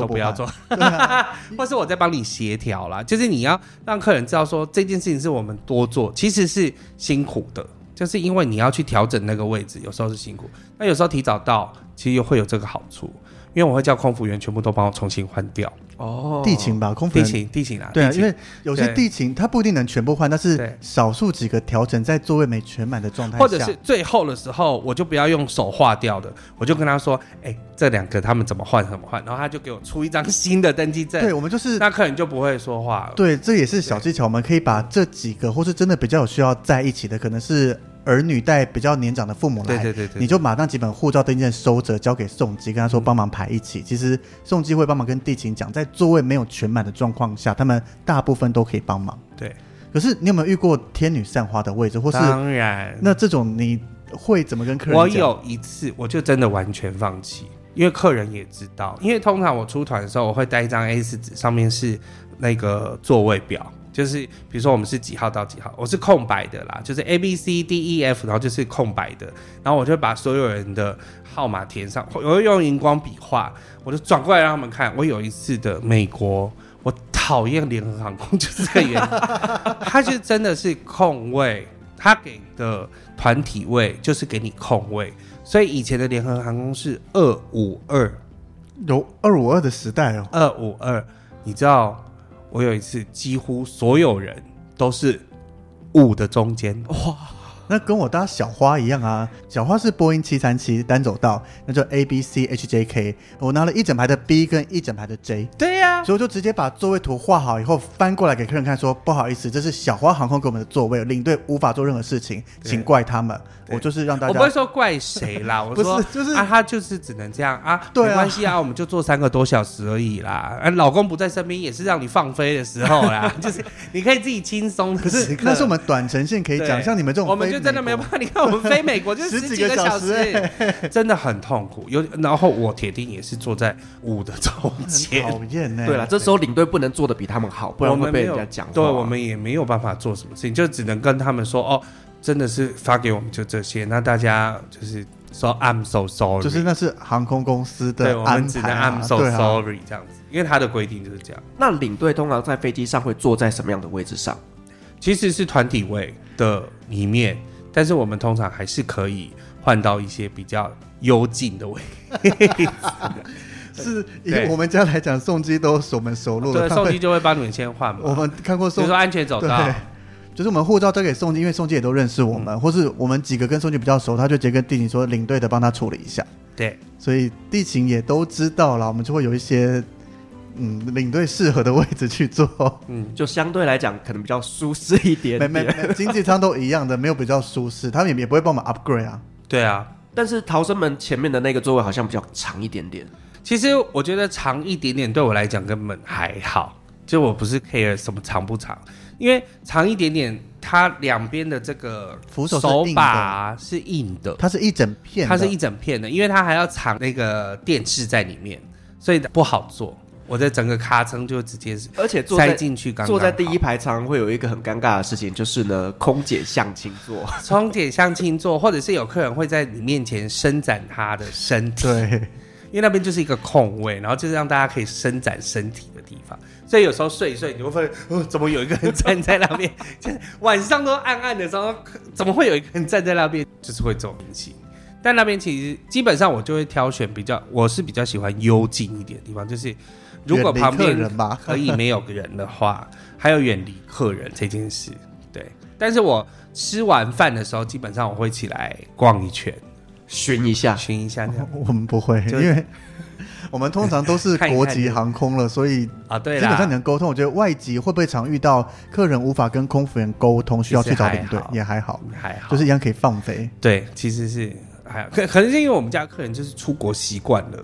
都不要做，啊， 或是我在幫你協調啦。就是你要讓客人知道說，這件事情是我們多做，其實是辛苦的，就是因為你要去調整那個位置，有時候是辛苦，那有時候提早到，其實又會有這個好處。因為我會叫空服員全部都幫我重新換掉哦，地勤吧，空服地勤地勤啊，對、啊，勤因為有些地勤他不一定能全部換，對但是少數幾個調整在座位沒全滿的狀態下，或者是最後的時候，我就不要用手畫掉的，我就跟他說，哎、嗯欸，這兩個他們怎麼換怎麼換，然後他就給我出一張新的登機證。對，我們就是那客人就不會說話了。對，這也是小技巧，對我們可以把這幾個或是真的比較有需要在一起的，可能是。兒女帶比較年長的父母來，對對對對，你就把那幾本護照證件收着，交給送機，跟他說幫忙排一起。其實送機會幫忙跟地勤講，在座位沒有全滿的狀況下，他們大部分都可以幫忙。對，可是你有沒有遇過天女散花的位置，或是當然，那這種你會怎麼跟客人講？我有一次，我就真的完全放棄，因為客人也知道，因為通常我出團的時候，我會帶一張 A 四紙，上面是那個座位表。就是比如說我們是幾號到幾號，我是空白的啦，就是 A B C D E F，然後就是空白的，然後我就把所有人的號碼填上，我會用熒光筆畫，我就轉過來讓他們看。我有一次的美國，我討厭聯合航空就， 就是這個原因，它就真的是空位，它給的團體位就是給你空位，所以以前的聯合航空是二五二，有二五二的時代哦，二五二，你知道。我有一次幾乎所有人都是霧的中間哇，那跟我搭小花一樣啊，小花是波音七三七單走道，那就 A B C H J K，我拿了一整排的 B 跟一整排的 J，對呀、啊，所以我就直接把座位圖畫好以後翻過來給客人看說，說不好意思，這是小花航空給我們的座位，領隊無法做任何事情，請怪他們。我就是讓大家，我不會說怪誰啦。我說就是啊，他就是只能這樣啊。沒關係啊，我們就坐三個多小時而已啦。哎，老公不在身邊也是讓你放飛的時候啦。就是你可以自己輕鬆。可是可是我們短程線可以講，像你們這種，我們就真的沒有辦法。你看我們飛美國就十幾個小時，真的很痛苦。有然後我鐵定也是坐在五的中間。討厭哎！對啦。這時候領隊不能坐得比他們好，不然會被人家講。對，我們也沒有辦法做什麼事情，就只能跟他們說哦。真的是發給我們就這些，那大家就是說、so、I'm so sorry，就是那是航空公司的安排、啊、對我們只能「I'm so sorry 這樣子，啊、因為他的規定就是這樣。那領隊通常在飛機上會坐在什麼樣的位置上？其實是團體位的裡面，但是我們通常還是可以換到一些比較幽靜的位置。 是以我們家來講，送機都熟門熟路，對，送機就會幫你們先換嘛。我們看過送，比如說安全走道。就是我們護照交給送機，因為送機也都認識我們，嗯、或是我們幾個跟送機比較熟，他就直接跟地勤說，領隊的幫他處理一下。對，所以地勤也都知道了，我們就會有一些嗯領隊適合的位置去坐，嗯，就相對來講可能比較舒適一點點。沒沒，經濟艙都一樣的，沒有比較舒適， 他們也也不會幫我們 upgrade 啊。對啊，但是逃生門前面的那個座位好像比較長一點點。其實我覺得長一點點對我來講根本還好，就我不是 care 什麼長不長。因為長一點點，它兩邊的這個手把扶手手把是硬的，它是一整片，它是一整片的，因為它還要藏那個電視在裡面，所以不好做。我的整個卡稱就直接剛剛，而且塞進去，坐在第一排常常會有一個很尷尬的事情，就是呢，空姐相親坐，空姐相親坐， 或者是有客人會在你面前伸展他的身體，對因為那邊就是一個空位，然後就是讓大家可以伸展身體的地方。所以有時候睡一睡，你會發現，哦，怎麼有一個人站在那邊？ 晚上都暗暗的時候，怎麼會有一個人站在那邊？ 就是會這種引起。但那邊其實基本上我就會挑選比較，我是比較喜歡幽靜一點的地方，就是如果旁邊可以沒有人的話，遠離 還有遠離客人這件事。對，但是我吃完飯的時候，基本上我會起來逛一圈，巡一下，巡一下這樣。我們不會，就因為。我們通常都是國籍航空了，所以啊，對，基本上能溝通。我覺得外籍會不會常遇到客人無法跟空服員溝通，需要去找領隊？也還好，還好，就是一樣可以放飛。對，其實是還可，可能是因為我們家客人就是出國習慣了，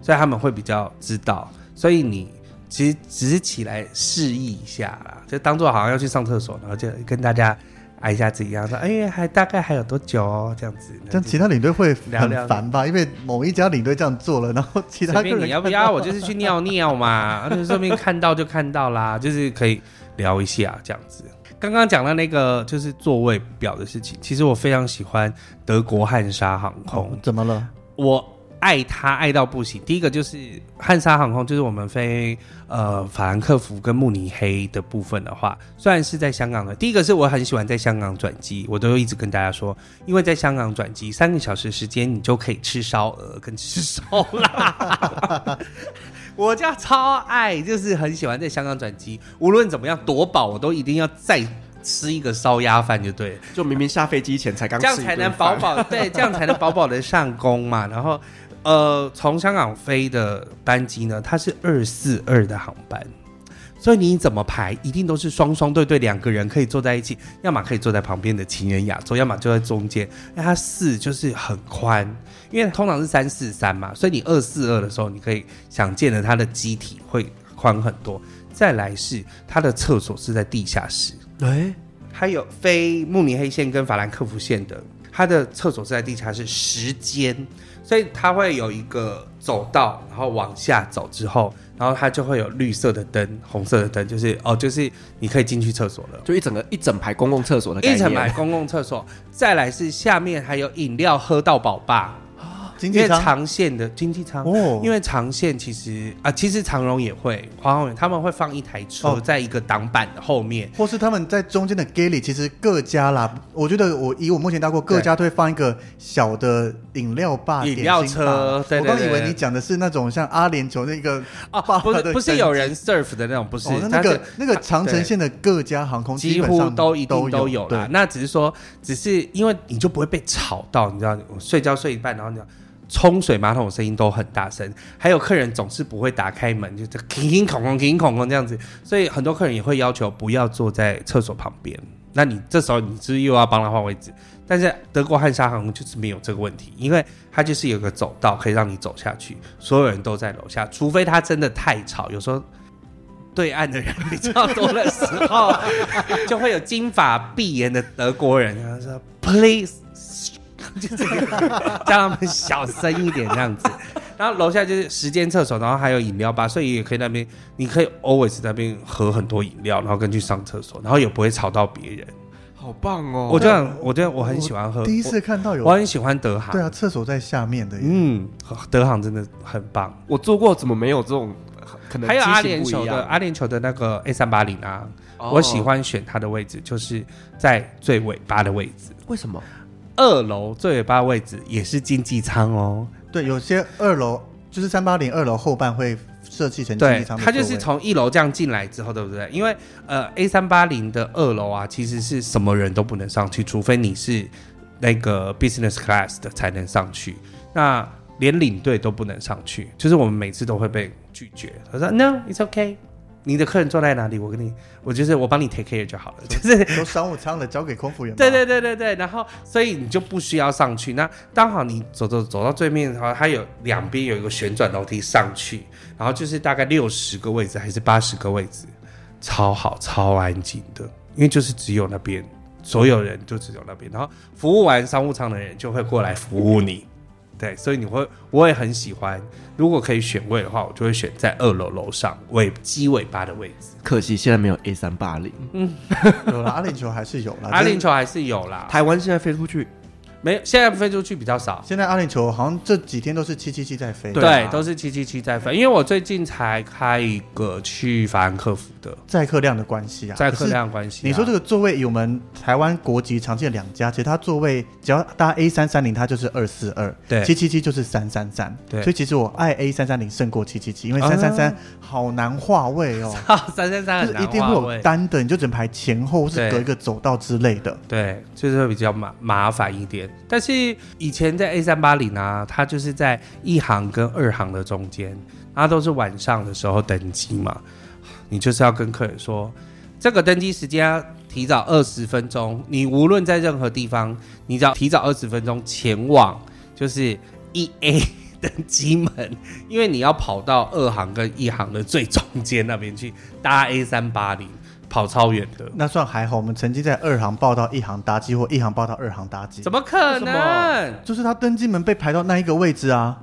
所以他們會比較知道。所以你其實只是起來示意一下啦，就當做好像要去上廁所，然後就跟大家。挨一下子一樣說，哎、欸，還大概還有多久哦？這樣子，這樣其他領隊會很煩吧？聊聊因為某一家領隊這樣做了，然後其他領隊，你要不要我就是去尿尿嘛， 就順便看到就看到啦，就是可以聊一下這樣子。剛剛講到那個就是座位表的事情，其實我非常喜歡德國漢莎航空，嗯哦。怎麼了？我。愛他愛到不行。第一個就是漢莎航空，就是我們飛呃法蘭克福跟慕尼黑的部分的話，雖然是在香港的。第一個是我很喜歡在香港轉機，我都一直跟大家說，因為在香港轉機三個小時時間，你就可以吃燒鵝跟吃燒臘 我就超愛，就是很喜歡在香港轉機，無論怎麼樣多飽，我都一定要再吃一個燒鴨飯就對。就明明下飛機前才剛剛這樣才能飽飽，對，這樣才能飽飽的上工嘛，然後。呃，從香港飛的班機呢，它是二四二的航班，所以你怎麼排，一定都是雙雙對對兩個人可以坐在一起，要麼可以坐在旁邊的情人雅座，要麼坐在中間。那它四就是很寬，因為通常是三四三嘛，所以你二四二的時候，你可以想見的它的機體會寬很多。再來是它的廁所是在地下室，對、欸？還有飛慕尼黑線跟法蘭克福線的，它的廁所是在地下室，時間。所以它會有一個走道，然後往下走之後，然後它就會有綠色的燈、紅色的燈，就是哦，就是你可以進去廁所了，就一整個一整排公共廁所的概念。一整排公共廁所，再來是下面還有飲料，喝到飽吧。經濟艙，因為長線的經濟艙，哦、因為長線其實啊，其實長榮也會、華航他們會放一台車在一個擋板的後面，哦，或是他們在中間的 galley，其實各家啦，我覺得我以我目前到過各家都會放一個小的飲料吧對、飲心料車。對對對對，我剛以為你講的是那種像阿聯酋那個啊、哦，不是不是有人 serve 的那種，不是、哦、那，那個是那個長程線的各家航空基本上，幾乎都一定都有啦。對對那只是說，只是因為你就不會被吵到，你知道，我睡覺睡一半，然後你。沖水馬桶的聲音都很大聲，還有客人總是不會打開門，就這叮叮哐哐、叮叮哐哐這樣子，所以很多客人也會要求不要坐在廁所旁邊。那你這時候你是又要幫他換位置，但是德國漢莎航空就是沒有這個問題，因為他就是有個走道可以讓你走下去，所有人都在樓下，除非他真的太吵，有時候對岸的人比較多的時候，就會有金髮碧眼的德國人他說：“Please。” 就這個，叫他們小聲一點，這樣子。然後樓下就是時間廁所，然後還有飲料吧，所以也可以那邊，你可以 always 在那邊喝很多飲料，然後跟去上廁所，然後也不會吵到別人。好棒哦！我就，對我覺得我很喜歡喝。第一次看到有，我，我很喜歡德航。對啊，廁所在下面的。嗯，德航真的很棒。我坐過，怎麼沒有這種？可能還有阿聯酋的阿聯酋的那個 A 三八零啊，哦，我喜歡選它的位置，就是在最尾巴的位置。為什麼？二樓最尾巴位置也是經濟艙哦？對，有些二樓就是三八零二樓後半會設計成經濟艙。它就是從一樓這樣進來之後，對不對？因為呃，A 三八零的二樓啊，其實是什麼人都不能上去，除非你是那個 business class 的才能上去。那連領隊都不能上去，就是我們每次都會被拒絕。他說：“No, it's okay。”你的客人坐在哪裡？我跟你，我就是我幫你 take care 就好了，就是。都商務艙的，交給空服員。對對對對對，然後，所以你就不需要上去。那剛好你走走走到對面的話，它有兩邊有一個旋轉樓梯上去，然後就是大概六十個位置還是八十個位置，超好超安靜的，因為就是只有那邊，所有人就只有那邊，然後服務完商務艙的人就會過來服務你。對，所以你會，我也很喜歡。如果可以選位的話，我就會選在二樓樓上尾雞尾巴的位置。可惜現在沒有 A380，嗯， 有啦阿聯酋還是有啦，阿聯酋還是有啦、就是。台灣現在飛出去。沒，現在飛出去比較少。現在阿聯酋好像這幾天都是七七七在飛、啊。對，都是七七七在飛。因為我最近才開一個去法蘭克福的，載客量的關係啊。載客量關係、啊。你說這個座位，我們台灣國籍常見的兩家，啊、其實它座位只要搭 A 三三零，它就是二四二。對，七七七就是三三三。對。所以其實我愛 A 三三零勝過七七七，因為三三三好難劃位哦。三三三一定會有單的，你就整排前後是隔一個走道之類的。對,對，就是比較麻麻煩一點。但是以前在 A 三八零呢，它就是在一航跟二航的中間，它都是晚上的時候登機嘛。你就是要跟客人說，這個登機時間要提早二十分鐘。你無論在任何地方，你只要提早二十分鐘前往就是一 A 登機門，因為你要跑到二航跟一航的最中間那邊去搭 A 三八零。跑超遠的那算還好，我們曾經在二航報到一航搭機，或一航報到二航搭機，怎麼可能？就是他登機門被排到那一個位置啊！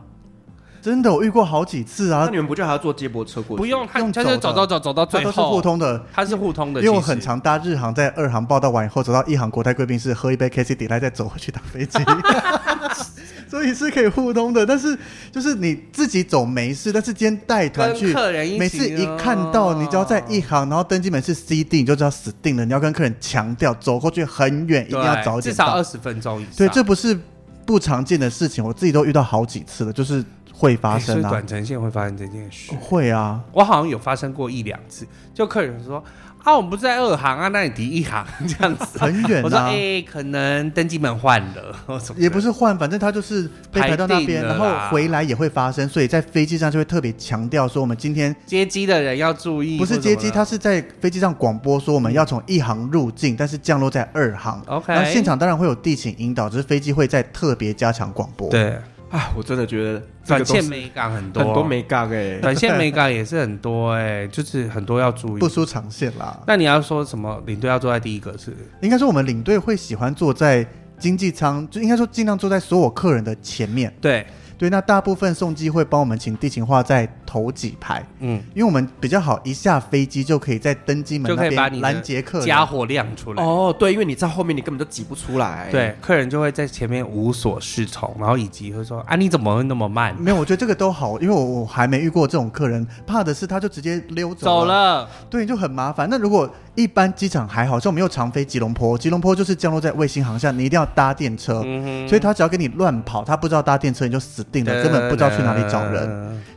真的，我遇過好幾次啊！那你們不就還要坐接駁車過去？不用，用走，走到走到走到最後都是，是互通的，它是互通的。因為我很常搭日航，在二航報到完以後走到一航國泰貴賓室喝一杯 K C 抵賴，C D L、I，再走回去搭飛機。 所以是可以互通的，但是就是你自己走沒事，但是今天帶團去，客人每次一看到你只要在一行，然後登機門是 C D，你就知道死定了。你要跟客人強調，走過去很遠，對一定要早一點，至少二十分鐘以上。對，這不是不常見的事情，我自己都遇到好幾次了，就是會發生啊。欸，所以短程線會發生這件事，會啊，我好像有發生過一兩次，就客人說。啊、哦，我們不是在二航啊？那你提一航這樣子很遠的、啊、我說，哎、欸，可能登機門換了，了也不是換，反正他就是被排到那邊，然後回來也會發生，所以在飛機上就會特別強調說，我們今天接機的人要注意，不是接機，他是在飛機上廣播說我們要從一航入境，嗯、但是降落在二航。OK，那現場當然會有地勤引導，只、就是飛機會再特別加強廣播。對。啊，我真的覺得短線眉角很多，很多眉角哎，短線眉角也是很多哎、欸， 就是很多要注意， 不輸長線啦。那你要說什麼領隊要坐在第一個是？應該說我們領隊會喜歡坐在經濟艙，就應該說盡量坐在所有客人的前面。對對，那大部分送機會幫我們請地勤劃在。頭幾排，嗯，因為我們比較好，一下飛機就可以在登機門那邊攔截客人、嗯、把你家伙亮出來。哦，對，因為你在後面，你根本就擠不出來。對，客人就會在前面無所適從，然後以及會說：“啊，你怎麼會那麼慢？”沒有，我覺得這個都好，因為我我還沒遇過這種客人。怕的是他就直接溜走了，走了，對，就很麻煩。那如果一般機場還好，像我們又常飛吉隆坡，吉隆坡就是降落在衛星航站，你一定要搭電車，嗯、所以他只要給你亂跑，他不知道搭電車，你就死定了，嗯、根本不知道去哪裡找人。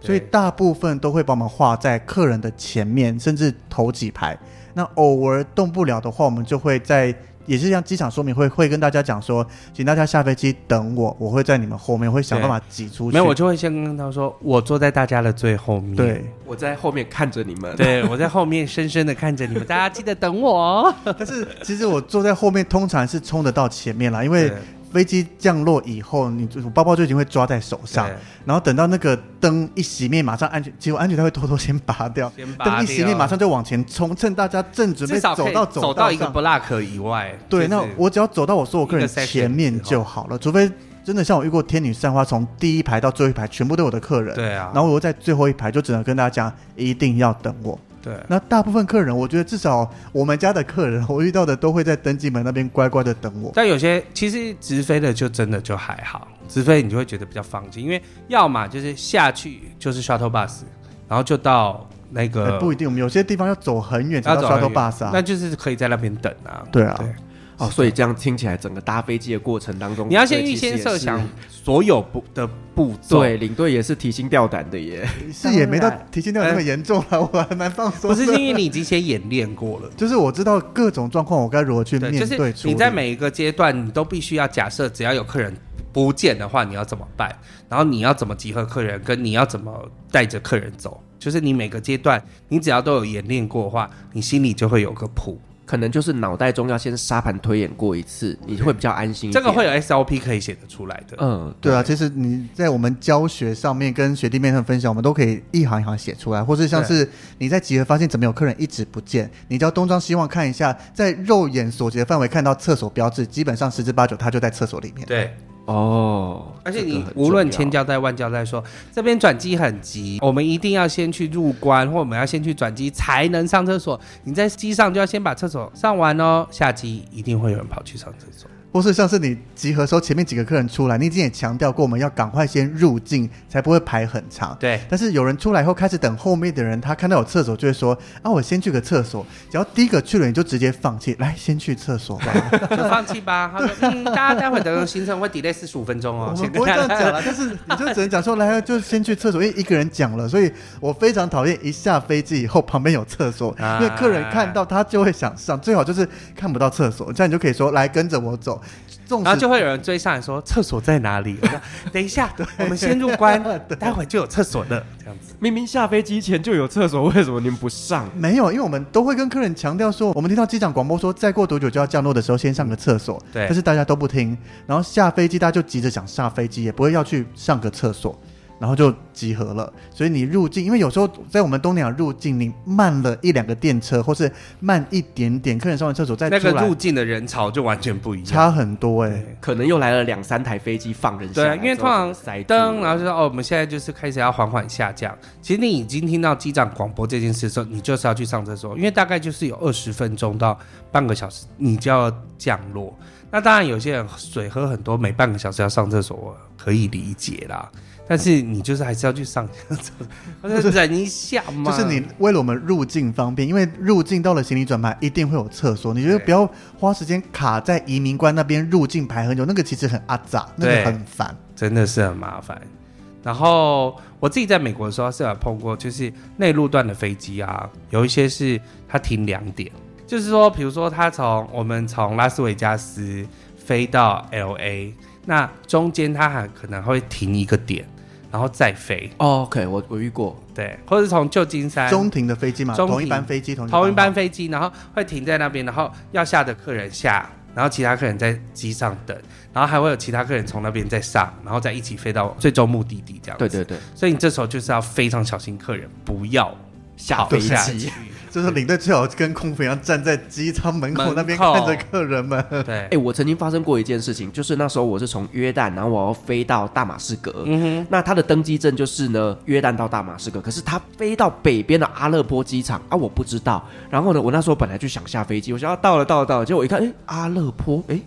對所以大部。部分都會把我們畫在客人的前面，甚至頭幾排。那偶爾動不了的話，我們就會在，也是像機場說明會會跟大家講說，請大家下飛機等我，我會在你們後面，我會想辦法擠出去。沒有，我就會先跟他說，我坐在大家的最後面。對，我在後面看着你們。對，我在後面深深的看着你們， 大家記得等我。 但是其實我坐在後面，通常是衝得到前面啦，因為。飛機降落以後，你包包就已經會抓在手上，對然後等到那個燈一熄滅，馬上安全，結果安全帶會偷偷先拔掉。拔掉燈一熄滅，馬上就往前衝，趁大家正準備走到走，走到一個 block 以外。就是 對，那我只要走到我所有客人前面就好了，除非真的像我遇過天女散花，從第一排到最後一排全部都有我的客人。對啊，然後我在最後一排就只能跟大家講，一定要等我。對，那大部分客人，我覺得至少我們家的客人，我遇到的都會在登機門那邊乖乖的等我。但有些其實直飛的就真的就還好，直飛你就會覺得比較放心，因為要麼就是下去就是 shuttle bus，然後就到那個、欸、不一定，我們有些地方要走很遠，啊，才坐 shuttle bus，那就是可以在那邊等啊，對啊。對哦，所以這樣聽起來，整個搭飛機的過程當中，你要先預先設想對是所有不的步驟，對，領隊也是提心吊膽的耶，也、嗯，是也沒到提心吊膽那麼嚴重了、啊。嗯、我還蠻放鬆的。不是因為你提前演練過了，就是我知道各種狀況，我該如何去面對。對，就是、你在每一個階段，你都必須要假設，只要有客人不見的話，你要怎麼辦？然後你要怎麼集合客人，跟你要怎麼帶着客人走？就是你每個階段，你只要都有演練過的話，你心裡就會有個譜。可能就是腦袋中要先沙盤推演過一次，你會比較安心一點。這個會有 SOP 可以寫得出來的。嗯，對啊，對，其實你在我們教學上面跟學弟面上分享，我們都可以一行一行寫出來，或是像是你在集合發現怎麼有客人一直不見，你就要東張西望看一下，在肉眼所及的範圍看到廁所標誌，基本上十之八九他就在廁所裡面。對。哦，而且你無論千交代萬交代說，說這邊轉機很急，我們一定要先去入關，或我們要先去轉機才能上廁所。你在機上就要先把廁所上完哦，下機一定會有人跑去上廁所。或是像是你集合時候，前面幾個客人出來，你已經也強調過，我們要趕快先入境，才不會排很長。對。但是有人出來以後開始等後面的人，他看到有廁所就會說：“啊，我先去個廁所。”只要第一個去了，你就直接放棄，來先去廁所吧。就放棄吧。 他嗯、對。大家待會兒等行程會 delay 四十五分鐘哦。我不會這樣講了，但 是你就只能講說：“來，就先去廁所。”因為一個人講了，所以我非常討厭一下飛機以後旁邊有廁所，啊、因為客人看到他就會想上，最好就是看不到廁所，這樣你就可以說：“來，跟着我走。”縱然後就會有人追上來說：“廁所在哪裡？” 等一下，我們先入關，待會就有廁所的這樣子。明明下飛機前就有廁所，為什麼您不上？沒有，因為我們都會跟客人強調說，我們聽到機長廣播說再過多久就要降落的時候，先上個廁所。對，但是大家都不聽，然後下飛機大家就急着想下飛機，也不會要去上個廁所。然後就集合了，所以你入境，因為有時候在我們東南亞入境，你慢了一兩個電車，或是慢一點點，客人上完廁所再出來，那個入境的人潮就完全不一樣，差很多哎、欸，對可能又來了兩三台飛機放人下來對啊，對，因為通常塞燈，然後就說哦，我們現在就是開始要緩緩下降。其實你已經聽到機長廣播這件事的時候，你就是要去上廁所，因為大概就是有二十分鐘到半個小時，你就要降落。那當然，有些人水喝很多，每半個小時要上廁所。可以理解啦，但是你就是還是要去上廁所。忍一下嘛，就是你為了我們入境方便，因為入境到了行李轉盤一定會有廁所，對你就不要花時間卡在移民官那邊入境排很久，那個其實很阿雜，對那個很煩，真的是很麻煩。然後我自己在美國的時候是有碰過，就是內陸段的飛機啊，有一些是它停兩點，就是說，比如說他從我們從拉斯維加斯飛到 LA。那中間它還可能會停一個點，然後再飛。哦 OK，我我遇過，對，或者是從舊金山中停的飛機嘛，中停，同一班飛機，同一班飛機，然後會停在那邊，然後要下的客人下，然後其他客人在機上等，然後還會有其他客人從那邊再上，然後再一起飛到最終目的地。這樣子。對對對，所以你這時候就是要非常小心，客人不要下飛機。就是領隊最好跟空服員一樣站在機艙門口，那邊看着客人們。對，哎，我曾經發生過一件事情，就是那時候我是從約旦，然後我要飛到大馬士革。嗯哼，那他的登機證就是呢，約旦到大馬士革，可是他飛到北邊的阿勒頗機場啊，我不知道。然後呢，我那時候本來就想下飛機，我想要到了到了到了，了結果我一看，哎，阿勒頗，哎。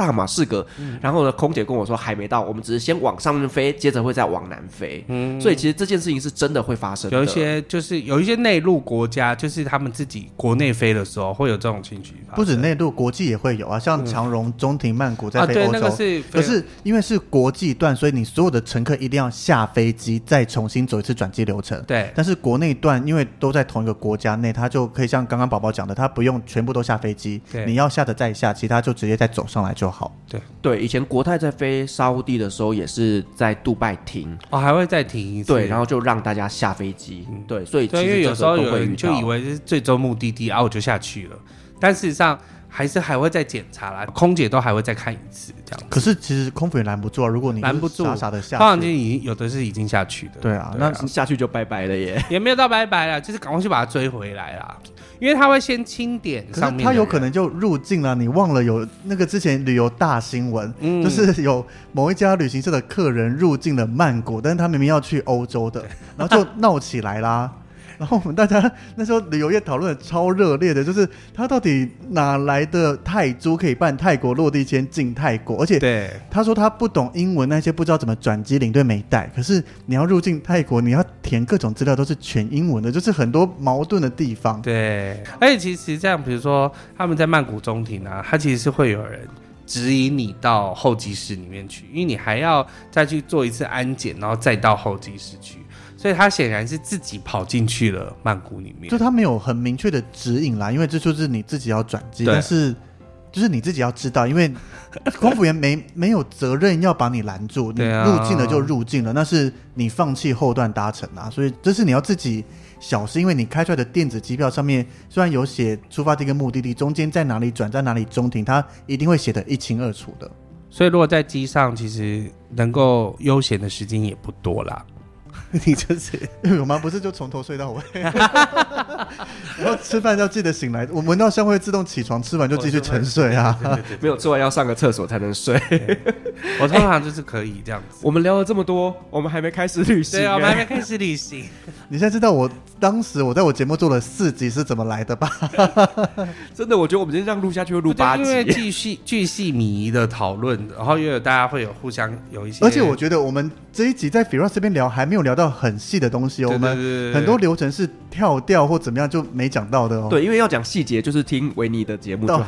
大馬士革，然後呢？空姐跟我說還沒到，我們只是先往上面飛，接着會再往南飛。嗯，所以其實這件事情是真的會發生的。有一些就是有一些內陸國家，就是他們自己國內飛的時候會有這種情緒。不止內陸，國際也會有啊，像長榮、嗯、中停、曼谷在飛的時候。啊、對，那個是飛。可是因為是國際段，所以你所有的乘客一定要下飛機，再重新走一次轉機流程。對，但是國內段因為都在同一個國家內，它就可以像剛剛寶寶講的，他不用全部都下飛機，對你要下的再下，其他就直接再走上來就好。好，對對，以前國泰在飛沙烏地的時候，也是在杜拜停，哦，還會再停一次，對，然後就讓大家下飛機，嗯、對，所以其實有時候有人就以為是最終目的地，然後，啊，我就下去了，但事實上。還是還會再檢查啦，空姐都還會再看一次這樣子。可是其實空服也攔不住啊，如果你傻傻的下攔不住，當然已經有的是已經下去的。對啊，對啊，那下去就拜拜了耶。也沒有到拜拜了，就是趕快去把他追回來啦，因為他會先清點上面。可是他有可能就入境了，你忘了有那個之前旅遊大新聞，嗯、就是有某一家旅行社的客人入境了曼谷，但是他明明要去歐洲的，對然後就鬧起來啦。 然後我們大家那時候旅遊業討論的超熱烈的，就是他到底哪來的泰銖可以辦泰國落地簽進泰國？而且對他說他不懂英文，那些不知道怎麼轉機領隊沒帶。可是你要入境泰國，你要填各種資料都是全英文的，就是很多矛盾的地方。對，而且其實這樣，比如說他們在曼谷中庭啊，他其實是會有人指引你到候機室裡面去，因為你還要再去做一次安檢，然後再到候機室去。所以他顯然是自己跑進去了曼谷裡面，就他沒有很明確的指引啦，因為這就是你自己要轉機，對但是就是你自己要知道，因為空服員沒對沒有責任要把你攔住，你入境了就入境了，啊、那是你放棄後段搭乘啊，所以這是你要自己小心，因為你開出來的電子機票上面雖然有寫出發地跟個目的地，中間在哪裡轉，在哪裡中停，他一定會寫得一清二楚的，所以如果在機上其實能夠悠閒的時間也不多啦。你真是， 我們不是就從頭睡到尾 然後吃飯要記得醒來，我聞到香會自動起床，吃完就繼續沉睡啊， 沒有吃完要上個廁所才能睡。 我通常就是可以這樣子。欸、我們聊了這麼多，我們還沒開始旅行，對啊，我們還沒開始旅行。 你現在知道我當時我在我節目做了四集是怎麼來的吧 ？ 真的，我覺得我們今天這樣錄下去會錄八集，繼續繼續迷的討論，然後因為大家會有互相有一些，而且我覺得我們這一集在 Fira 這邊聊還沒有聊到。要很細的東西、哦，我們很多流程是跳掉或怎麼樣就沒講到的。哦。對，對，因為要講細節，就是聽維尼的節目就好了。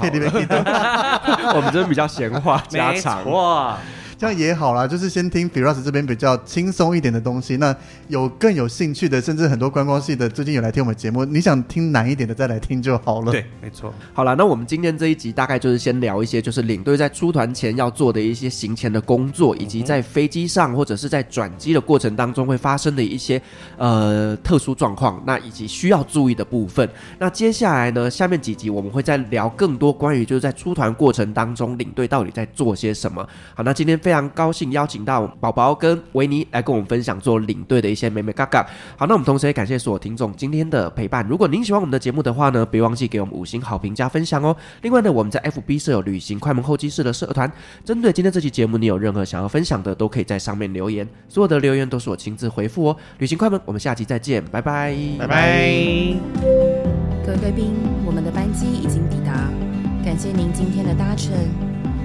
我們這是比較閒話家常哇錯。 這樣也好啦，就是先聽比 i r u s 這邊比較輕鬆一點的東西。那有更有興趣的，甚至很多觀光系的，最近有來聽我們節目。你想聽難一點的再來聽就好了。對，沒錯。好啦，那我們今天這一集大概就是先聊一些，就是領隊在出團前要做的一些行前的工作，以及在飛機上或者是在轉機的過程當中會發生的一些、嗯、哼呃特殊狀況，那以及需要注意的部分。那接下來呢，下面幾集我們會再聊更多關於就是在出團過程當中領隊到底在做些什麼。好，那今天非。非常高興邀請到寶寶跟維尼來跟我們分享做領隊的一些眉眉角角。好，那我們同時也感謝所有聽眾今天的陪伴。如果您喜歡我們的節目的話呢，別忘記給我們五星好評加分享哦。另外呢，我們在 FB 設有旅行快門候機室的社團，針對今天這期節目，你有任何想要分享的，都可以在上面留言。所有的留言都是我親自回復哦。旅行快門，我們下期再見，拜拜，拜拜。各位貴賓，我們的班機已經抵達，感謝您今天的搭乘。